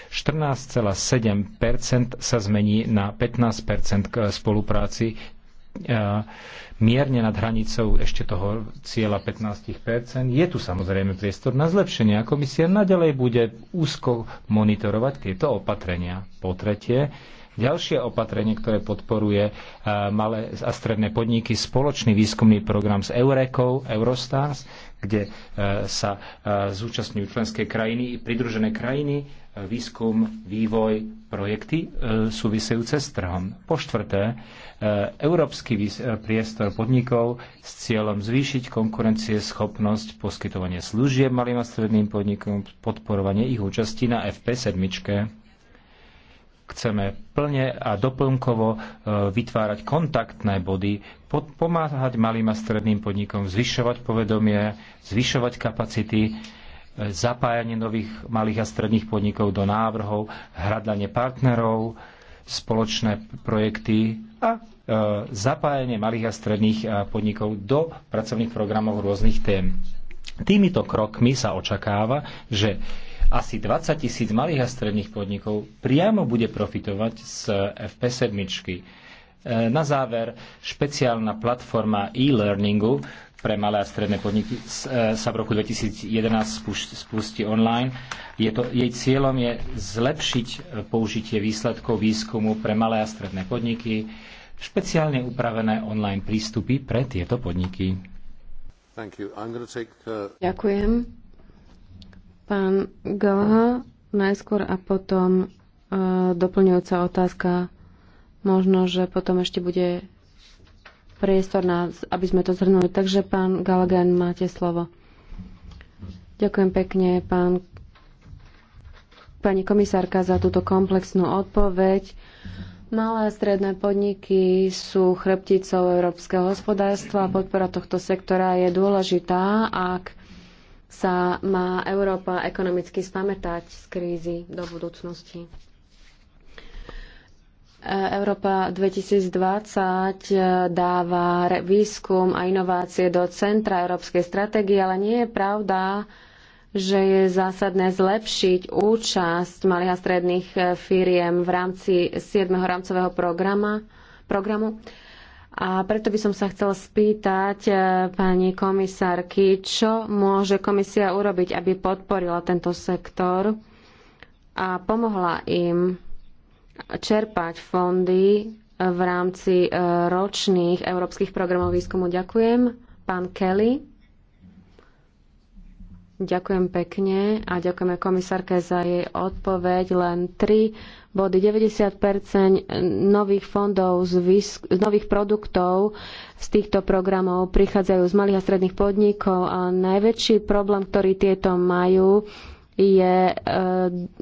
14,7 sa zmení na 15 k spolupráci e, mierne nad hranicou ešte toho cieľa 15 Je tu samozrejme priestor na zlepšenie a komisia naďalej bude úzko monitorovať tieto opatrenia. Po tretie, Ďalšie opatrenie, ktoré podporuje eh, malé a stredné podniky, spoločný výskumný program s Eurekou, Eurostars, kde eh, sa eh, zúčastňujú členské krajiny i pridružené krajiny, výskum, vývoj, projekty súvisejúce s trhom. Po štvrté, európsky priestor podnikov s cieľom zvýšiť konkurencie schopnosť, poskytovanie služieb malým a stredným podnikom, podporovanie ich účasti na FP7 chceme plne a doplnkovo e, vytvárať kontaktné body, pomáhať malým a stredným podnikom, zvyšovať povedomie, zvyšovať kapacity, e, zapájanie nových malých a stredných podnikov do návrhov, hľadanie partnerov, spoločné projekty a e, zapájanie malých a stredných podnikov do pracovných programov rôznych tém. Týmito krokmi sa očakáva, že asi 20 tisíc malých a stredných podnikov priamo bude profitovať z FP7. E, na záver, špeciálna platforma e-learningu pre malé a stredné podniky e, sa v roku 2011 spustí online. Je to, jej cieľom je zlepšiť použitie výsledkov výskumu pre malé a stredné podniky, špeciálne upravené online prístupy pre tieto podniky. Take... Uh, Ďakujem. Pán Galha, najskôr a potom e, doplňujúca otázka. Možno, že potom ešte bude priestor, na, aby sme to zhrnuli. Takže, pán Galagan, máte slovo. Ďakujem pekne, pán, pani komisárka, za túto komplexnú odpoveď. Malé a stredné podniky sú chrbticou európskeho hospodárstva a podpora tohto sektora je dôležitá, ak sa má Európa ekonomicky spamätať z krízy do budúcnosti. Európa 2020 dáva výskum a inovácie do centra európskej stratégie, ale nie je pravda, že je zásadné zlepšiť účasť malých a stredných firiem v rámci 7. rámcového programa, programu a preto by som sa chcela spýtať e, pani komisárky, čo môže komisia urobiť, aby podporila tento sektor a pomohla im čerpať fondy v rámci e, ročných európskych programov výskumu. Ďakujem. Pán Kelly. Ďakujem pekne a ďakujeme komisárke za jej odpoveď. Len 3 body 90 nových fondov z, výsk- z nových produktov z týchto programov prichádzajú z malých a stredných podnikov a najväčší problém, ktorý tieto majú, je e,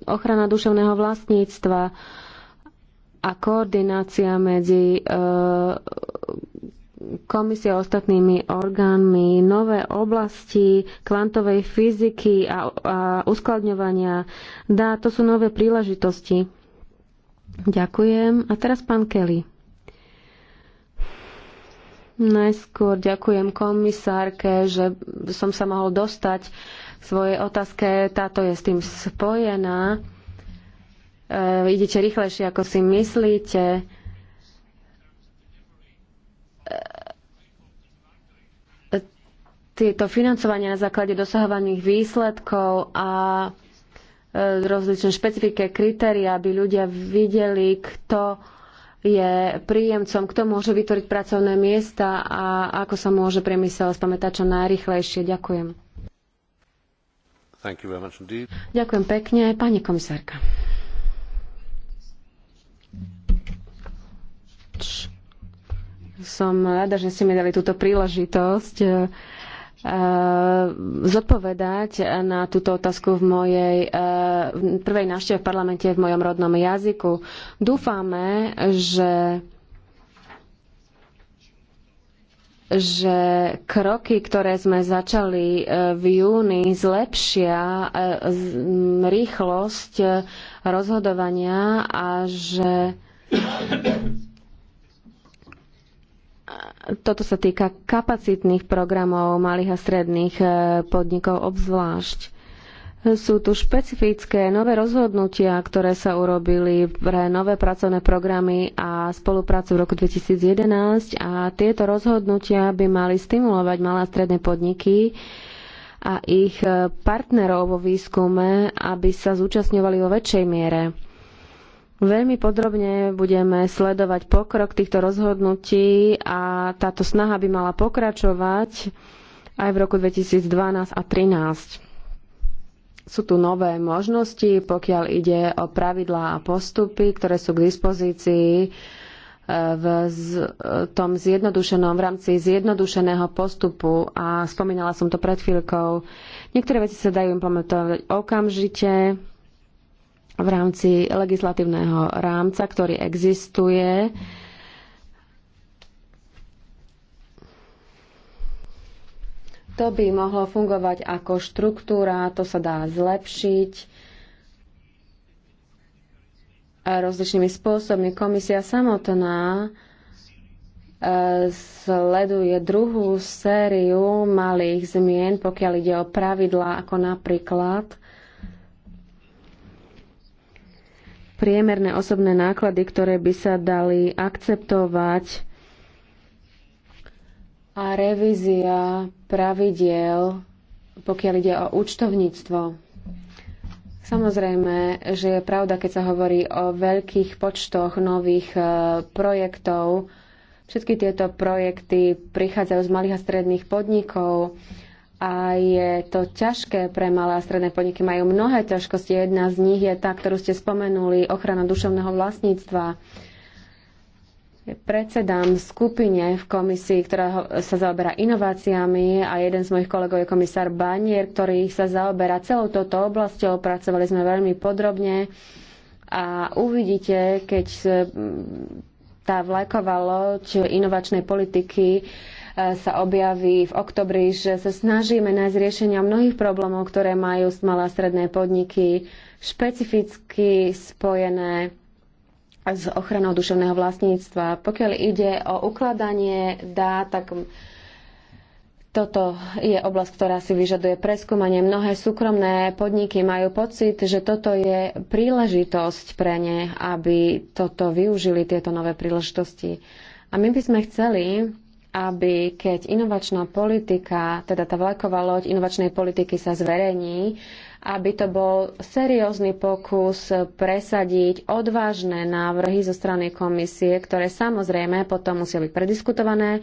ochrana duševného vlastníctva a koordinácia medzi e, komisia ostatnými orgánmi nové oblasti kvantovej fyziky a, a uskladňovania dá. To sú nové príležitosti. Ďakujem. A teraz pán Kelly. Najskôr ďakujem komisárke, že som sa mohol dostať k svojej otázke. Táto je s tým spojená. E, idete rýchlejšie, ako si myslíte. tieto financovanie na základe dosahovaných výsledkov a e, rozličné špecifické kritéria, aby ľudia videli, kto je príjemcom, kto môže vytvoriť pracovné miesta a ako sa môže priemysel spamätať čo najrychlejšie. Ďakujem. Ďakujem pekne, pani komisárka. Som rada, že ste mi dali túto príležitosť e, Eh, zodpovedať na túto otázku v mojej eh, prvej návšteve v parlamente v mojom rodnom jazyku. Dúfame, že že kroky, ktoré sme začali eh, v júni, zlepšia rýchlosť rozhodovania a že toto sa týka kapacitných programov malých a stredných eh, podnikov obzvlášť. Sú tu špecifické nové rozhodnutia, ktoré sa urobili pre nové pracovné programy a spoluprácu v roku 2011 a tieto rozhodnutia by mali stimulovať malé a stredné podniky a ich eh, partnerov vo výskume, aby sa zúčastňovali vo väčšej miere Veľmi podrobne budeme sledovať pokrok týchto rozhodnutí a táto snaha by mala pokračovať aj v roku 2012 a 2013. Sú tu nové možnosti, pokiaľ ide o pravidlá a postupy, ktoré sú k dispozícii e, v tom zjednodušenom, v rámci zjednodušeného postupu a spomínala som to pred chvíľkou. Niektoré veci sa dajú implementovať okamžite, v rámci legislatívneho rámca, ktorý existuje. To by mohlo fungovať ako štruktúra, to sa dá zlepšiť rozličnými spôsobmi. Komisia samotná e, sleduje druhú sériu malých zmien, pokiaľ ide o pravidlá, ako napríklad priemerné osobné náklady, ktoré by sa dali akceptovať a revízia pravidiel, pokiaľ ide o účtovníctvo. Samozrejme, že je pravda, keď sa hovorí o veľkých počtoch nových e, projektov. Všetky tieto projekty prichádzajú z malých a stredných podnikov a je to ťažké pre malé a stredné podniky. Majú mnohé ťažkosti. Jedna z nich je tá, ktorú ste spomenuli, ochrana duševného vlastníctva. Predsedám skupine v komisii, ktorá sa zaoberá inováciami a jeden z mojich kolegov je komisár Banier, ktorý sa zaoberá celou touto oblasťou. Pracovali sme veľmi podrobne a uvidíte, keď tá vlajková loď inovačnej politiky sa objaví v oktobri, že sa snažíme nájsť riešenia mnohých problémov, ktoré majú malé a stredné podniky, špecificky spojené s ochranou duševného vlastníctva. Pokiaľ ide o ukladanie dá, tak toto je oblasť, ktorá si vyžaduje preskúmanie. Mnohé súkromné podniky majú pocit, že toto je príležitosť pre ne, aby toto využili, tieto nové príležitosti. A my by sme chceli, aby keď inovačná politika, teda tá vlaková loď inovačnej politiky sa zverejní, aby to bol seriózny pokus presadiť odvážne návrhy zo strany komisie, ktoré samozrejme potom musia byť prediskutované,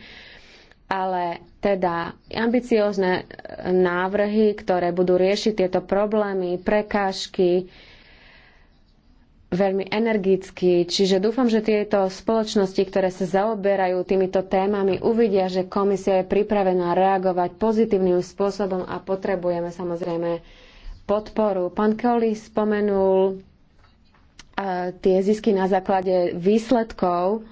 ale teda ambiciózne návrhy, ktoré budú riešiť tieto problémy, prekážky, veľmi energický. Čiže dúfam, že tieto spoločnosti, ktoré sa zaoberajú týmito témami, uvidia, že komisia je pripravená reagovať pozitívnym spôsobom a potrebujeme samozrejme podporu. Pán Koli spomenul e, tie zisky na základe výsledkov.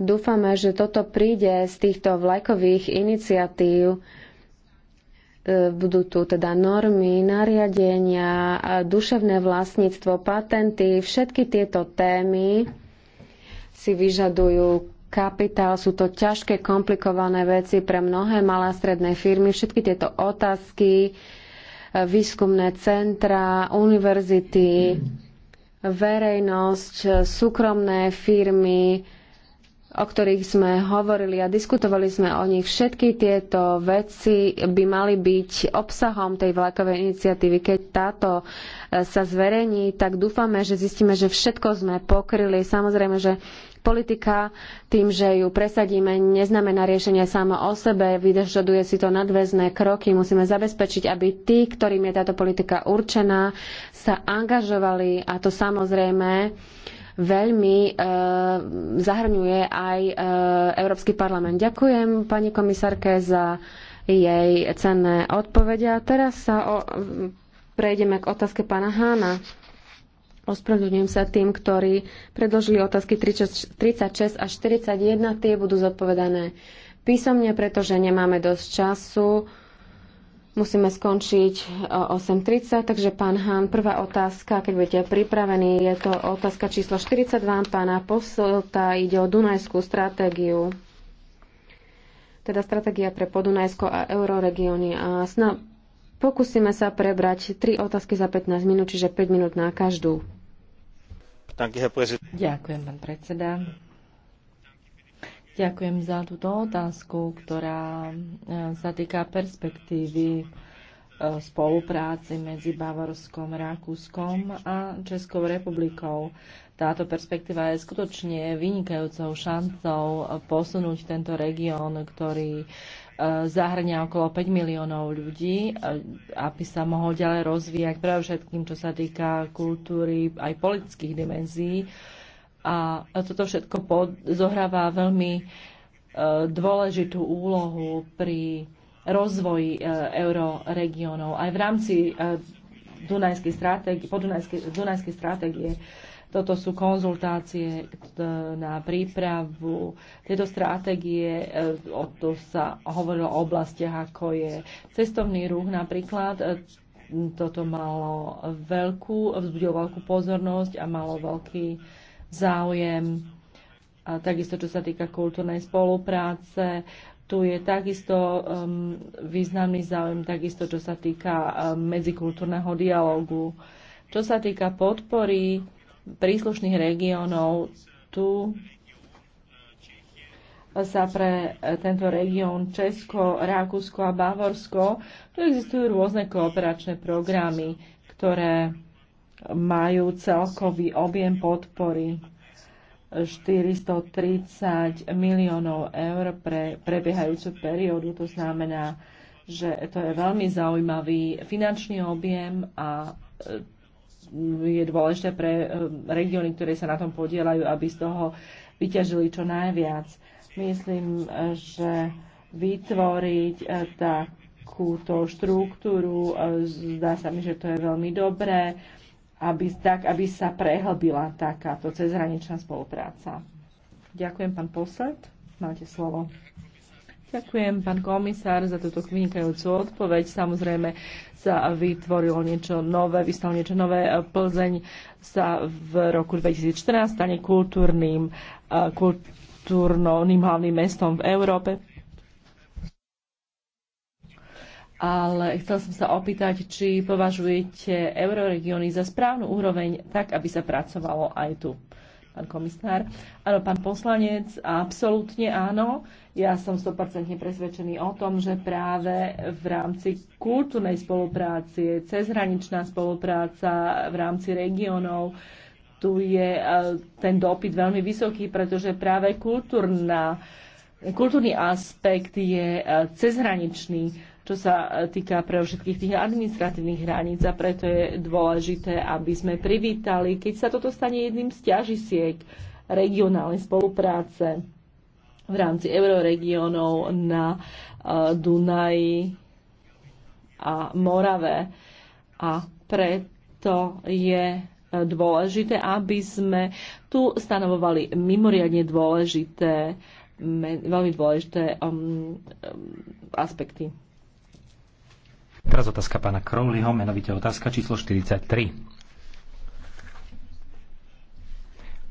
Dúfame, že toto príde z týchto vlajkových iniciatív E, budú tu teda normy, nariadenia, duševné vlastníctvo, patenty, všetky tieto témy si vyžadujú kapitál, sú to ťažké, komplikované veci pre mnohé malé a stredné firmy. Všetky tieto otázky, e, výskumné centra, univerzity, verejnosť, súkromné firmy, o ktorých sme hovorili a diskutovali sme o nich. Všetky tieto veci by mali byť obsahom tej vlakovej iniciatívy. Keď táto e, sa zverejní, tak dúfame, že zistíme, že všetko sme pokryli. Samozrejme, že politika tým, že ju presadíme, neznamená riešenie samo o sebe, vydržaduje si to nadväzné kroky. Musíme zabezpečiť, aby tí, ktorým je táto politika určená, sa angažovali a to samozrejme veľmi e, zahrňuje aj e, Európsky parlament. Ďakujem pani komisárke za jej cenné odpovede. A teraz sa o, prejdeme k otázke pána Hána. Ospravedlňujem sa tým, ktorí predložili otázky 36 až 41. Tie budú zodpovedané písomne, pretože nemáme dosť času. Musíme skončiť e, o 8.30, takže pán Hán, prvá otázka, keď budete pripravení, je to otázka číslo 42 pána Poslta, ide o Dunajskú stratégiu, teda stratégia pre Podunajsko a euroregióny. A sna- pokúsime sa prebrať tri otázky za 15 minút, čiže 5 minút na každú. Ďakujem, pán predseda. Ďakujem za túto otázku, ktorá e, sa týka perspektívy e, spolupráci medzi Bavorskom, Rakúskom a Českou republikou. Táto perspektíva je skutočne vynikajúcou šancou posunúť tento región, ktorý e, zahrňa okolo 5 miliónov ľudí, aby sa mohol ďalej rozvíjať pre všetkým, čo sa týka kultúry aj politických dimenzií a toto všetko pod, zohráva veľmi e, dôležitú úlohu pri rozvoji e, euroregiónov aj v rámci e, Dunajskej Dunajskej stratégie. Toto sú konzultácie na prípravu tejto stratégie. O to sa hovorilo o oblastiach, ako je cestovný ruch napríklad. Toto malo veľkú, vzbudilo veľkú pozornosť a malo veľký záujem. A takisto, čo sa týka kultúrnej spolupráce, tu je takisto um, významný záujem, takisto čo sa týka um, medzikultúrneho dialogu. Čo sa týka podpory príslušných regiónov, tu sa pre tento región Česko, Rakúsko a Bavorsko, tu existujú rôzne kooperačné programy, ktoré majú celkový objem podpory 430 miliónov eur pre prebiehajúcu periódu. To znamená, že to je veľmi zaujímavý finančný objem a e, je dôležité pre e, regióny, ktoré sa na tom podielajú, aby z toho vyťažili čo najviac. Myslím, že vytvoriť e, takúto štruktúru, zdá sa mi, že to je veľmi dobré aby, tak, aby sa prehlbila takáto cezhraničná spolupráca. Ďakujem, pán posled. Máte slovo. Ďakujem, pán komisár, za túto vynikajúcu odpoveď. Samozrejme sa vytvorilo niečo nové, vystalo niečo nové. Plzeň sa v roku 2014 stane kultúrnym, eh, kultúrnym hlavným mestom v Európe ale chcel som sa opýtať, či považujete euroregióny za správnu úroveň, tak aby sa pracovalo aj tu. Pán komisár. Áno, pán poslanec, absolútne áno. Ja som 100% presvedčený o tom, že práve v rámci kultúrnej spolupráce, cezhraničná spolupráca v rámci regiónov, tu je e, ten dopyt veľmi vysoký, pretože práve kultúrna, kultúrny aspekt je e, cezhraničný čo sa týka pre všetkých tých administratívnych hraníc a preto je dôležité, aby sme privítali, keď sa toto stane jedným z ťažisiek regionálnej spolupráce v rámci euroregiónov na e, Dunaji a Morave. A preto je e, dôležité, aby sme tu stanovovali mimoriadne dôležité, veľmi dôležité um, um, aspekty. Teraz otázka pána Crowleyho, menovite otázka číslo 43.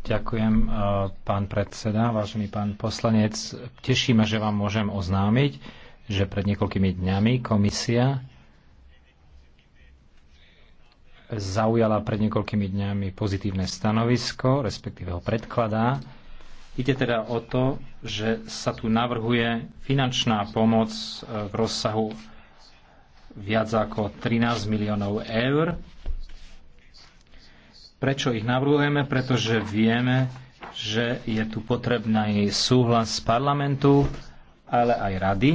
Ďakujem, e, pán predseda, vážený pán poslanec. Tešíme, že vám môžem oznámiť, že pred niekoľkými dňami komisia zaujala pred niekoľkými dňami pozitívne stanovisko, respektíve ho predkladá. Ide teda o to, že sa tu navrhuje finančná pomoc e, v rozsahu viac ako 13 miliónov eur. Prečo ich navrhujeme? Pretože vieme, že je tu potrebný súhlas parlamentu, ale aj rady.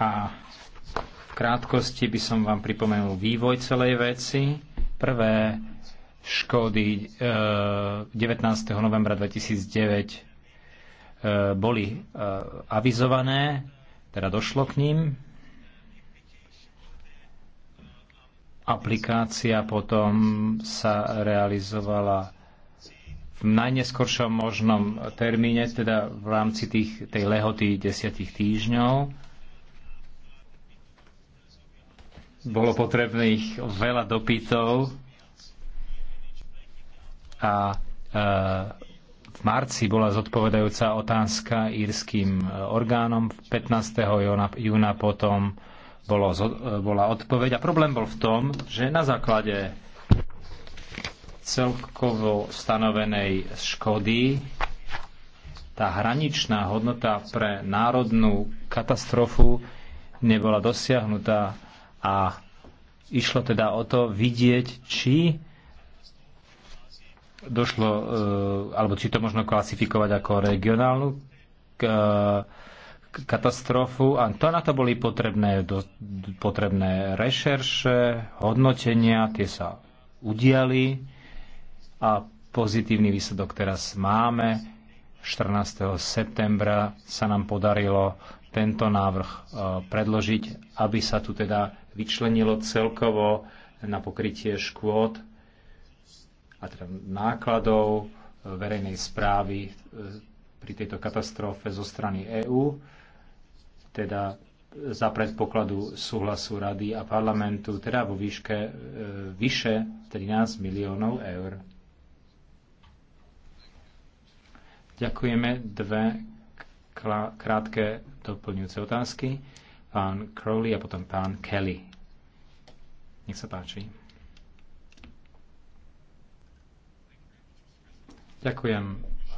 A v krátkosti by som vám pripomenul vývoj celej veci. Prvé škody 19. E, novembra 2009 e, boli e, avizované, teda došlo k ním. Aplikácia potom sa realizovala v najneskoršom možnom termíne, teda v rámci tých, tej lehoty desiatich týždňov. Bolo potrebných veľa dopytov a e, v marci bola zodpovedajúca otázka írským e, orgánom, 15. júna, júna potom bolo, bola odpoveď. A problém bol v tom, že na základe celkovo stanovenej škody tá hraničná hodnota pre národnú katastrofu nebola dosiahnutá a išlo teda o to vidieť, či došlo, e, alebo či to možno klasifikovať ako regionálnu katastrofu a to na to boli potrebné, do, potrebné rešerše, hodnotenia, tie sa udiali a pozitívny výsledok teraz máme. 14. septembra sa nám podarilo tento návrh e, predložiť, aby sa tu teda vyčlenilo celkovo na pokrytie škôd a teda nákladov e, verejnej správy e, pri tejto katastrofe zo strany EÚ teda za predpokladu súhlasu Rady a parlamentu, teda vo výške e, vyše 13 miliónov eur. Ďakujeme. Dve krátke doplňujúce otázky. Pán Crowley a potom pán Kelly. Nech sa páči. Ďakujem.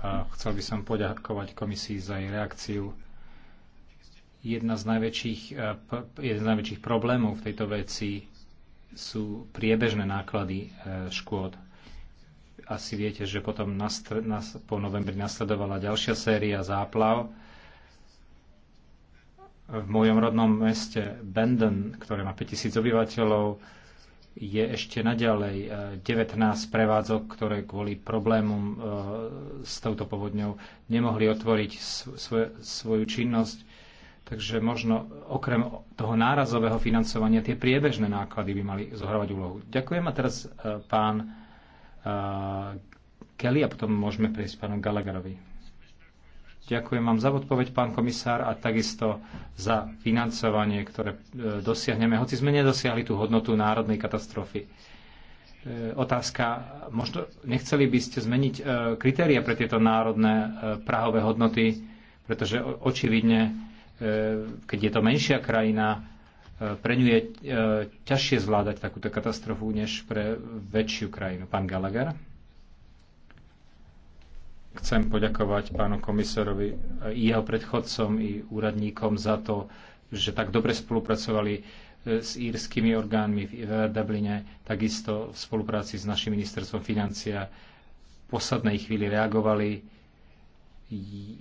a Chcel by som poďakovať komisii za jej reakciu Jedna z najväčších, e, jeden z najväčších problémov v tejto veci sú priebežné náklady e, škôd. Asi viete, že potom po novembri nasledovala ďalšia séria záplav. V mojom rodnom meste Benden, ktoré má 5000 obyvateľov, je ešte naďalej 19 e, prevádzok, ktoré kvôli problémom s touto povodňou nemohli otvoriť svoju činnosť Takže možno okrem toho nárazového financovania tie priebežné náklady by mali zohrávať úlohu. Ďakujem a teraz e, pán e, Kelly a potom môžeme prejsť pánu Gallagherovi. Ďakujem vám za odpoveď, pán komisár, a takisto za financovanie, ktoré e, dosiahneme, hoci sme nedosiahli tú hodnotu národnej katastrofy. Otázka, možno nechceli by ste zmeniť kritéria pre tieto národné prahové hodnoty, pretože očividne E, keď je to menšia krajina, e, pre ňu je e, ťažšie zvládať takúto katastrofu než pre väčšiu krajinu. Pán Gallagher? Chcem poďakovať pánu komisárovi i jeho predchodcom i úradníkom za to, že tak dobre spolupracovali s írskymi orgánmi v Dubline, takisto v spolupráci s našim ministerstvom financia v poslednej chvíli reagovali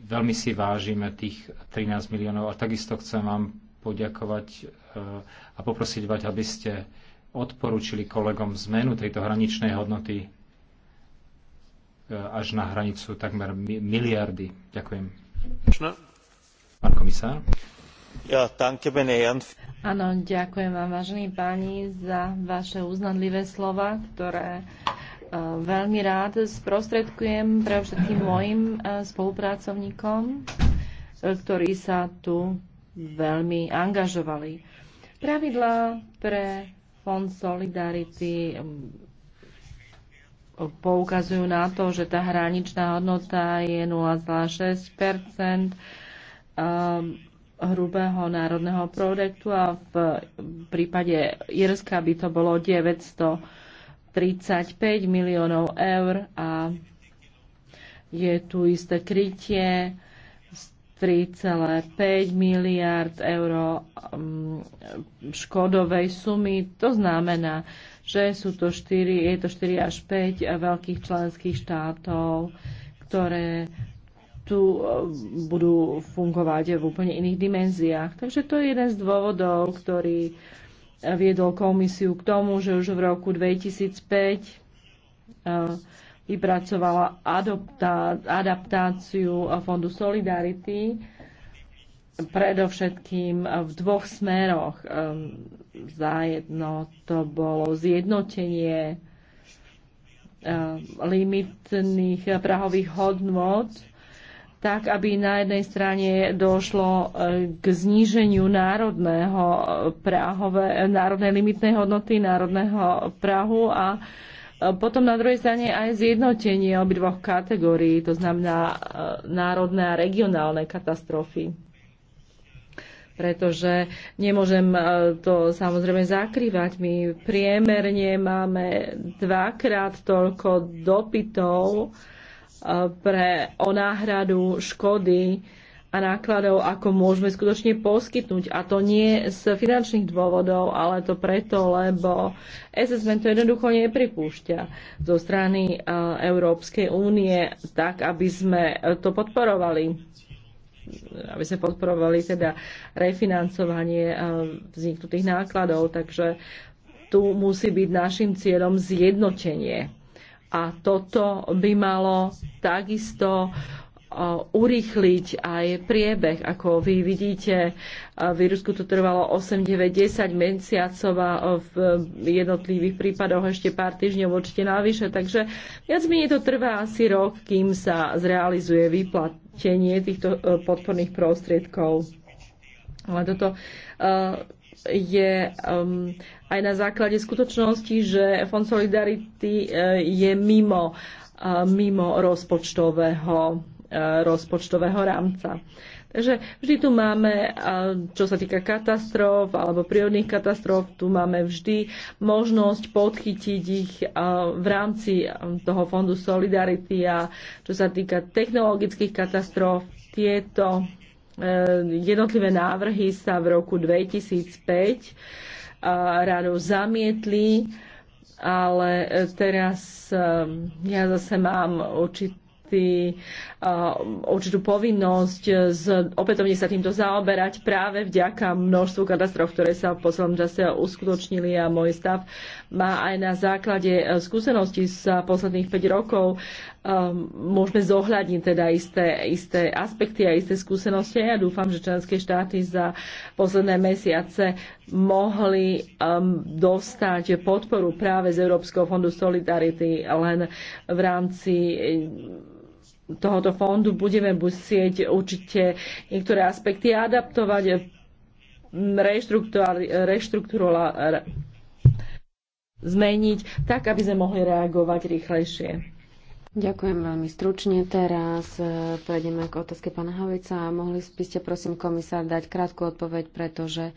Veľmi si vážime tých 13 miliónov a takisto chcem vám poďakovať e, a poprosiť vať, aby ste odporúčili kolegom zmenu tejto hraničnej hodnoty e, až na hranicu takmer miliardy. Ďakujem. Pán komisár. Ja, danke, Áno, ďakujem vám, vážení páni, za vaše uznanlivé slova, ktoré E, veľmi rád sprostredkujem pre všetkým mojim e, spolupracovníkom, e, ktorí sa tu veľmi angažovali. Pravidlá pre Fond Solidarity poukazujú na to, že tá hraničná hodnota je 0,6 hrubého národného produktu a v prípade Irska by to bolo 900 35 miliónov eur a je tu isté krytie 3,5 miliard eur um, škodovej sumy. To znamená, že sú to 4, je to 4 až 5 veľkých členských štátov, ktoré tu um, budú fungovať v úplne iných dimenziách. Takže to je jeden z dôvodov, ktorý viedol komisiu k tomu, že už v roku 2005 e, vypracovala adaptáciu Fondu Solidarity predovšetkým v dvoch smeroch. E, zajedno to bolo zjednotenie e, limitných prahových hodnot tak aby na jednej strane došlo e, k zníženiu národného e, práhové, národnej limitnej hodnoty, národného prahu a e, potom na druhej strane aj zjednotenie obidvoch kategórií, to znamená národné a regionálne katastrofy. Pretože nemôžem to samozrejme zakrývať. My priemerne máme dvakrát toľko dopytov, pre, o náhradu škody a nákladov, ako môžeme skutočne poskytnúť. A to nie z finančných dôvodov, ale to preto, lebo SSM to jednoducho nepripúšťa zo strany e, Európskej únie, tak aby sme to podporovali aby sme podporovali teda refinancovanie e, vzniknutých nákladov. Takže tu musí byť našim cieľom zjednotenie a toto by malo takisto urýchliť aj priebeh. Ako vy vidíte, e, v Rusku to trvalo 8, 9, 10 mesiacov a e, v jednotlivých prípadoch ešte pár týždňov určite navyše. Takže viac menej to trvá asi rok, kým sa zrealizuje vyplatenie týchto e, podporných prostriedkov. Ale toto je um, aj na základe skutočnosti, že Fond Solidarity uh, je mimo, uh, mimo rozpočtového, uh, rozpočtového rámca. Takže vždy tu máme, čo sa týka katastrof alebo prírodných katastrof, tu máme vždy možnosť podchytiť ich v rámci toho fondu Solidarity a čo sa týka technologických katastrof, tieto Eh, jednotlivé návrhy sa v roku 2005 eh, ráno zamietli, ale eh, teraz ja zase mám určitý určitú povinnosť z, opätovne sa týmto zaoberať práve vďaka množstvu katastrof, ktoré sa v poslednom čase uskutočnili a môj stav má aj na základe e, skúseností z e, posledných 5 rokov e, môžeme zohľadniť teda isté, isté aspekty a isté skúsenosti. Ja dúfam, že členské štáty za posledné mesiace mohli um, dostať podporu práve z Európskeho fondu Solidarity len v rámci tohoto fondu budeme musieť určite niektoré aspekty adaptovať, zmeniť, tak aby sme mohli reagovať rýchlejšie. Ďakujem veľmi stručne. Teraz e, prejdeme k otázke pána Havica. Mohli by ste, prosím, komisár, dať krátku odpoveď, pretože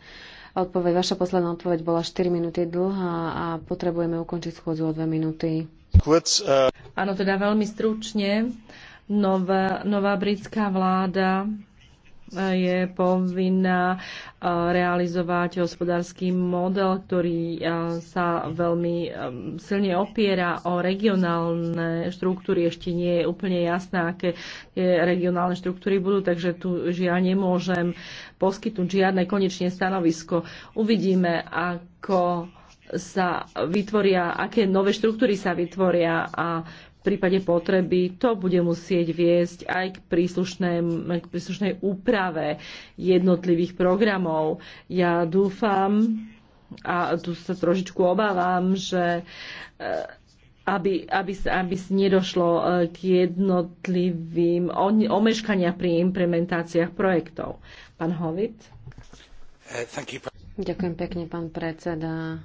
odpoveď, vaša posledná odpoveď bola 4 minúty dlhá a potrebujeme ukončiť schôdzu o 2 minúty. E- Áno, teda veľmi stručne. Nová, nová britská vláda je povinná eh, realizovať hospodársky model, ktorý eh, sa veľmi eh, silne opiera o regionálne štruktúry. Ešte nie je úplne jasné, aké regionálne štruktúry budú, takže tu žiaľ nemôžem poskytnúť žiadne konečné stanovisko. Uvidíme, ako sa vytvoria, aké nové štruktúry sa vytvoria a prípade potreby to bude musieť viesť aj k, k príslušnej úprave jednotlivých programov. Ja dúfam a tu sa trošičku obávam, že eh, aby, aby, aby nedošlo eh, k jednotlivým omeškania pri implementáciách projektov. Pán Hovit. Eh, Ďakujem pekne, pán predseda.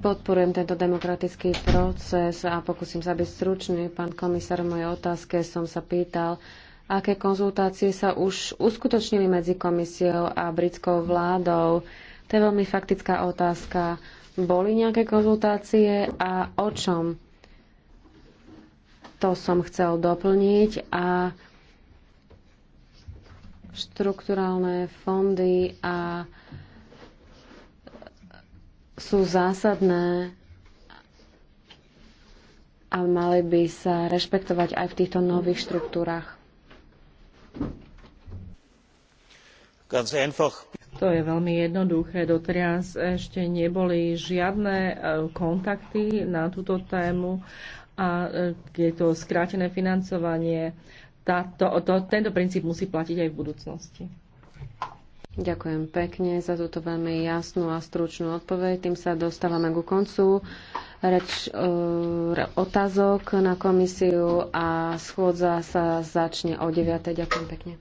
Podporujem tento demokratický proces a pokúsim sa byť stručný. Pán komisár, v mojej otázke som sa pýtal, aké konzultácie sa už uskutočnili medzi komisiou a britskou vládou. To je veľmi faktická otázka. Boli nejaké konzultácie a o čom? To som chcel doplniť a štrukturálne fondy a sú zásadné a mali by sa rešpektovať aj v týchto nových štruktúrach. To je veľmi jednoduché. Doteraz ešte neboli žiadne e, kontakty na túto tému a e, je to skrátené financovanie. Táto, to, tento princíp musí platiť aj v budúcnosti. Ďakujem pekne za túto veľmi jasnú a stručnú odpoveď. Tým sa dostávame ku koncu reč, e, otázok na komisiu a schôdza sa začne o 9. Ďakujem pekne.